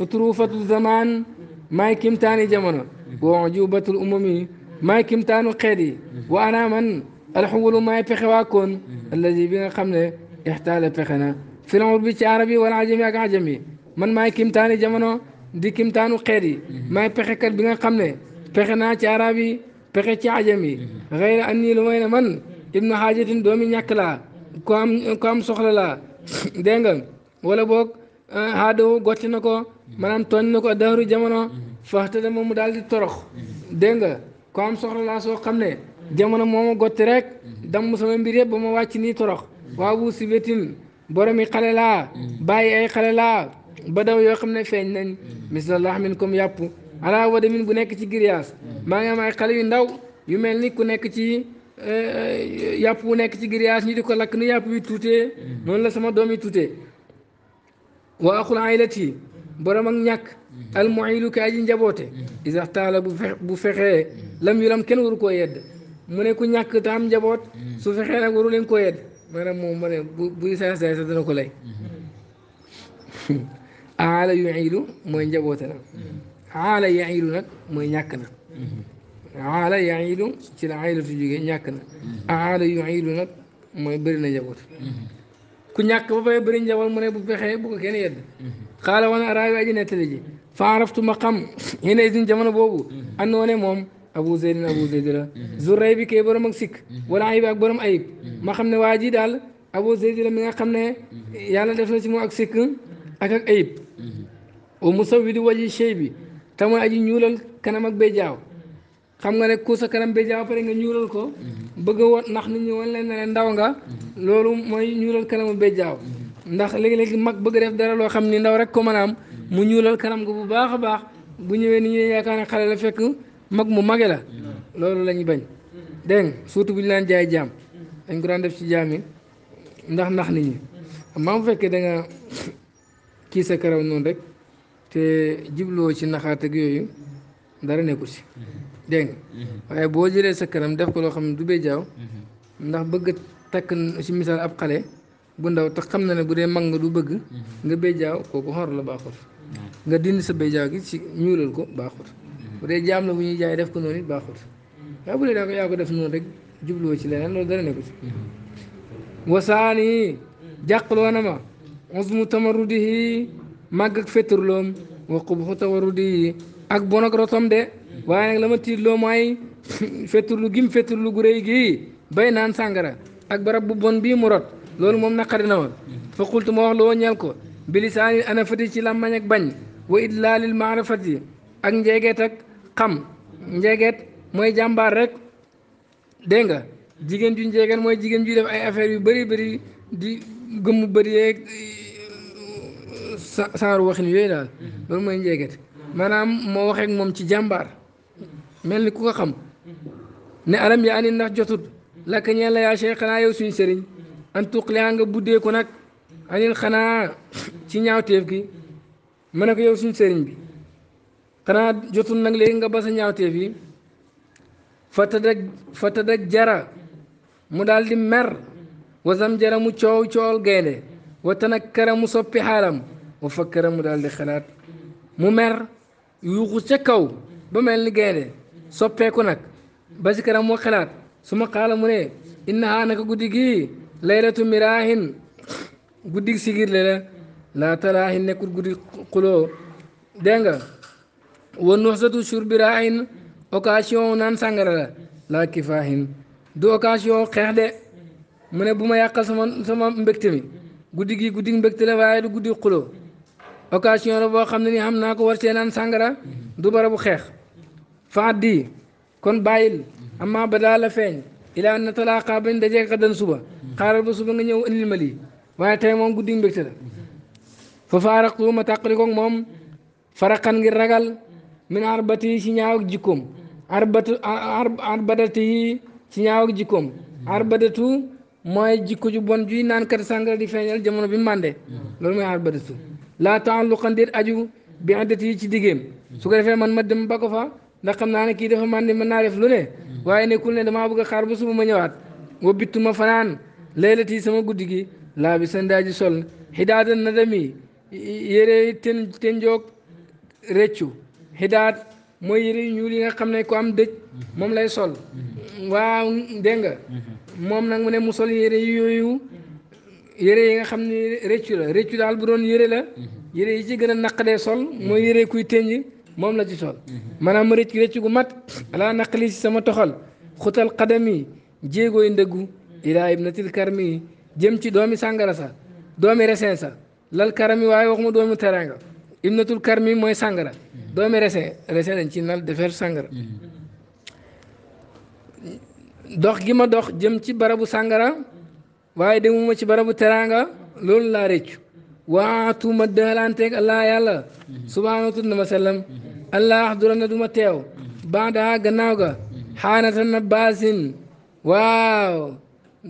S1: أتروفة الزمان ما يكيم تاني جمنا وعجوبة الأمم ما يكيم تاني قيدي وأنا من الحول ما يبخواكن الذي بنا خمنا احتال بخنا في العربي عربي والعجمي أكعجمي من ما يكيم تاني جمنا دي كيم تاني قيدي ما يبخكر بنا خمنا بخنا عربي بخي عجمي غير أني لوين من ابن حاجة دومي نكلا كام كام سخلا دينغ ولا بوك haadoo euh, gotti na ko maanaam tooñ na ko dahru jamono faxtada moom mu daal di torox dégg nga ko am soxla laa soo xam ne jamono mooma gotti rek damm sama mbir yëpp ba ma wàcc nii torox waabu si wetin boromi xale laa bàyyi ay xale laa ba daw yoo xam ne feeñ nañ misla lahmin comme yàpp alaa wada min bu nekk ci giriyaas maa nga am xale yu ndaw yu mel ni ku nekk ci euh, yàpp bu nekk ci giriyaas ñi ko lakk nu yàpp bi tuutee noonu la sama doom yi tuutee wa axul aylati borom ak ñàkk almuilu ka aji njaboote isax taala bu fex bu fexee lam yulam kenn waru koo yedd mu ne ku ñàkk te am njaboot su fexee nag waru leen koo yedd maanaam moom ma ne bu buy saay saay ko lay aala yuilu mooy njaboote na aala yailu mooy ñàkk na aala yailu ci la aylu ñàkk na aala yuilu nag mooy bëri na njaboot ku ñàkk ba pare bëri njaboot mu ne bu fexee bu ko kenn yedd xaala wana araawi aji nettali ji faaraftu ma xam xëy isin jamono boobu àndoone moom abu zeydin abu zeyd la zurray bi kay borom ak sikk wala ak borom ayib ma xam ne waa ji daal abu zeyd la nga xam ne yàlla def na ci moom ak sikk ak ak ayib a musaw wi di waji chey bi aji ñuulal kanam ak bay jaaw xam nga ne ku sa kanam bi jaaw pare nga ñuural ko bëgg woon ndax nit ñi wan leen na ne ndaw nga loolu mooy ñuural kanamu béjjaaw ndax léegi-léegi mag bëgg def dara loo xam ni ndaw rek ko mën am mu ñuulal kanam nga bu baax a baax bu ñëwee ni ñu yaakaar ne xale la fekk mag mu mage la loolu la bañ dégg surtout bu ñu laan jaay jaam dañ ko daan def ci jaam yi ndax ndax nit ñi maa bu fekkee da kii sa karaw noonu rek te jibloo ci naxaat ak yooyu dara nekku si dégg nga mhm. waaye boo jëlee sa kanam def ko loo xam du bee jaaw
S2: mhm.
S1: ndax bëgg takk si misaal ab xale bu ndaw te xam na ne bu dee mag nga du bëgg mhm. nga bee jaaw kooku xor la baaxut nga dindi sa bee jaaw gi ci ñuulal ko baaxut bu dee jaam la bu ñuy jaay def ko noonu it baaxut waaye bu dee daa ko yaa ko def noonu rek jubluwoo ci leneen loolu dara nekku ci wasaani jàqloo na ma usmu tamarudihi màgg ak féttarloom wa qubxu tawarudihi ak bon ak rotom de waaye nag la ma tiitloo mooy gim fetturlu gu rëy gi bay naan sàngara ak barab bu bon bii mu rot loolu moom naqari na woon fa qultu ma wax loo ñeel ko bilisaani anafati ci làmmañ ak bañ wa idlaalil yi ak njeget ak xam njeegeet mooy jàmbaar rek dégg nga jigéen ju njeegeet mooy jigéen ju def ay affaires yu bëri bari di gëmmu bëri yeeg saaru waxin yooyu daal loolu mooy njeegeet maanaam moo waxeek moom ci jàmbaar mel ni ku ko xam ne alam yaa ani ndax jotut lakk ñeen la xanaa yow suñu sëriñ an tuqliyaa nga buddee ko nag anil xanaa ci ñaawteef gi ma ne ko yow suñu sëriñ bi xanaa jotul nag léegi nga basa ñaawteef yi fatadak fatadak jara mu daal mer wasam jara mu coow coowal gaynde wa tanakkara mu soppi xaalam wa fakkara mu daal di xalaat mu mer yuuxu ca kaw ba mel ni gaynde soppeeku nag ba si kanam moo xalaat su ma xaala mune ne innahaa naka guddi gii laylatu miraahin guddi sigir le la laa talaahin nekkul guddi xuloo dégg nga wa nuxsatu sur biraahin occasion naan sàngara la laa kifaahin du occasion xeex de mu ne bu ma yàqal sama sama mbégte mi guddi gi guddi mbégte la waaye du guddi xuloo occasion la boo xam ne ni xam naa ko war see naan sàngara du barabu xeex Fadi, kon bayil amma ba fen, la natala ilaa na talaaqa bañ dajee suba xaral bu suba nga ñew andil ma lii waaye tey moom guddi la fa faraqtu ma mom faraqan ngir ragal min arbati ci ñaaw jikum arbatu arbadati ci ñaaw jikum arbadatu moy jikko ju bon ju nan kat sangal di feñal jamono bi mande, loolu moy arbadatu la taalluqan dir aju bi addati ci digem su ko defé man ma dem bako fa ndax xam naa ne kii dafa man di mën naa def lu ne waaye nekkul ne damaa bëgg xaar ba suba ma ñëwaat wa bittu ma fanaan laylati sama guddi gi laa bi seen daaji sol xidaada nadami yére ten ten joog réccu xidaat mooy yére yu ñuul yi nga xam ne ku am dëj moom lay sol waaw dégg nga moom nag mu ne mu sol yére yu yooyu yére yi nga xam ne réccu la réccu daal bu doon yére la yére yi ci gën a naqadee sol mooy yére kuy tënj moom la ci sol ma rëcc rëcc gu mat alaa naqli si sama toxal xutal xadami jéegooy ndëggu ilaa ibnatil karmi jëm ci doomi sàngara sa doomi resin sa lal karami waaye waxuma doomu teranga ibnatul karmi mooy sàngara doomi resin resin dañ ci nal defar sàngara dox gi ma dox jëm ci barabu sàngara waaye demuma ci barabu teranga loolu laa rëccu waatu ma dëxalanteeg allah yàlla subhaanahu tudd na ma sellam allah axdura na du teew baada gannaaw ga xaanata baasin waaw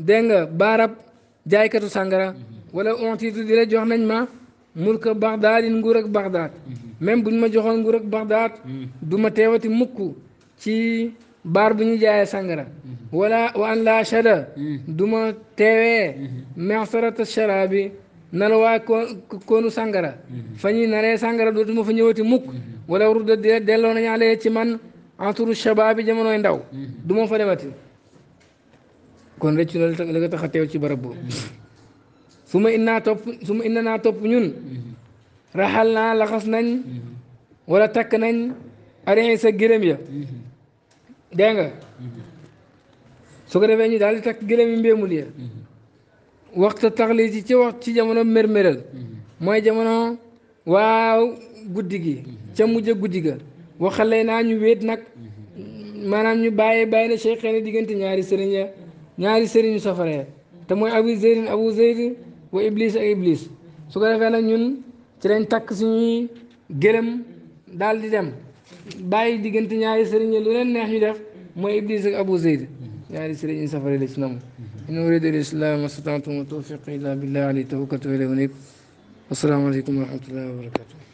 S1: dégg baarab jaaykatu sàngara wala ontiitu di jox nañ ma mulka baxdaad in nguur ak même buñ ma joxoon nguur ak baxdaad du ma teewati mukk ci baar bu ñu jaayee sàngara wala wa an laa shada mm. du ma sharaabi nala waa koonu sàngara mhm. fa ñuy naree sàngara dootuma fa ñëwati mukk mhm. wala rudda delloo nañu alee ci man enturu shabaab bi jamonoy ndaw mhm. du ma fa demati kon rëccu na la nga tax a teew ci barab boobu su ma innaa topp su ma inna naa topp ñun raxal naa laxas nañ wala takk nañ arin sa gërëm ya dégg nga su ko defee ñu daal di takk gërëm yi mbéemul ya وقت تغلي تي وقت تي جمونا مرمرل ما جمونا واو غديجي تموجي غديجا وخلينا نويت نك ما نام نباي باي نشيخ يعني دكان تنياري سرنجا نياري سرنج سفرة تموي أبو زيرين أبو زيرين وإبليس إبليس سكرا فعلا نون ترين تاكسيني جرم دال دي دم باي دي جنت نياري سرين يلونا نحن ما إبليس أبو زيد نياري سرين سفر ليش نامو إن أريد الإسلام ما استطعت التوفيق إلا بالله علي توكلت وإليه أنيب والسلام عليكم ورحمة الله وبركاته